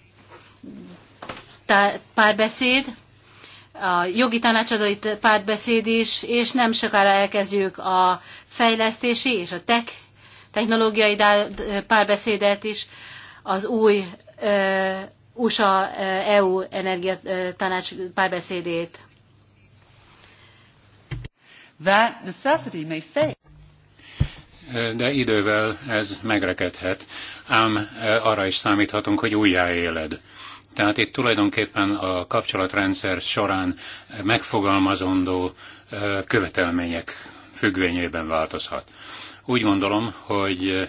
párbeszéd, a jogi tanácsadói párbeszéd is, és nem sokára elkezdjük a fejlesztési és a tech technológiai párbeszédet is az új USA-EU energiatanács párbeszédét. That necessity may fail de idővel ez megrekedhet. Ám e, arra is számíthatunk, hogy újjáéled. Tehát itt tulajdonképpen a kapcsolatrendszer során megfogalmazandó e, követelmények függvényében változhat. Úgy gondolom, hogy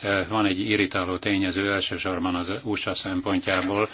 e, van egy irritáló tényező elsősorban az USA szempontjából,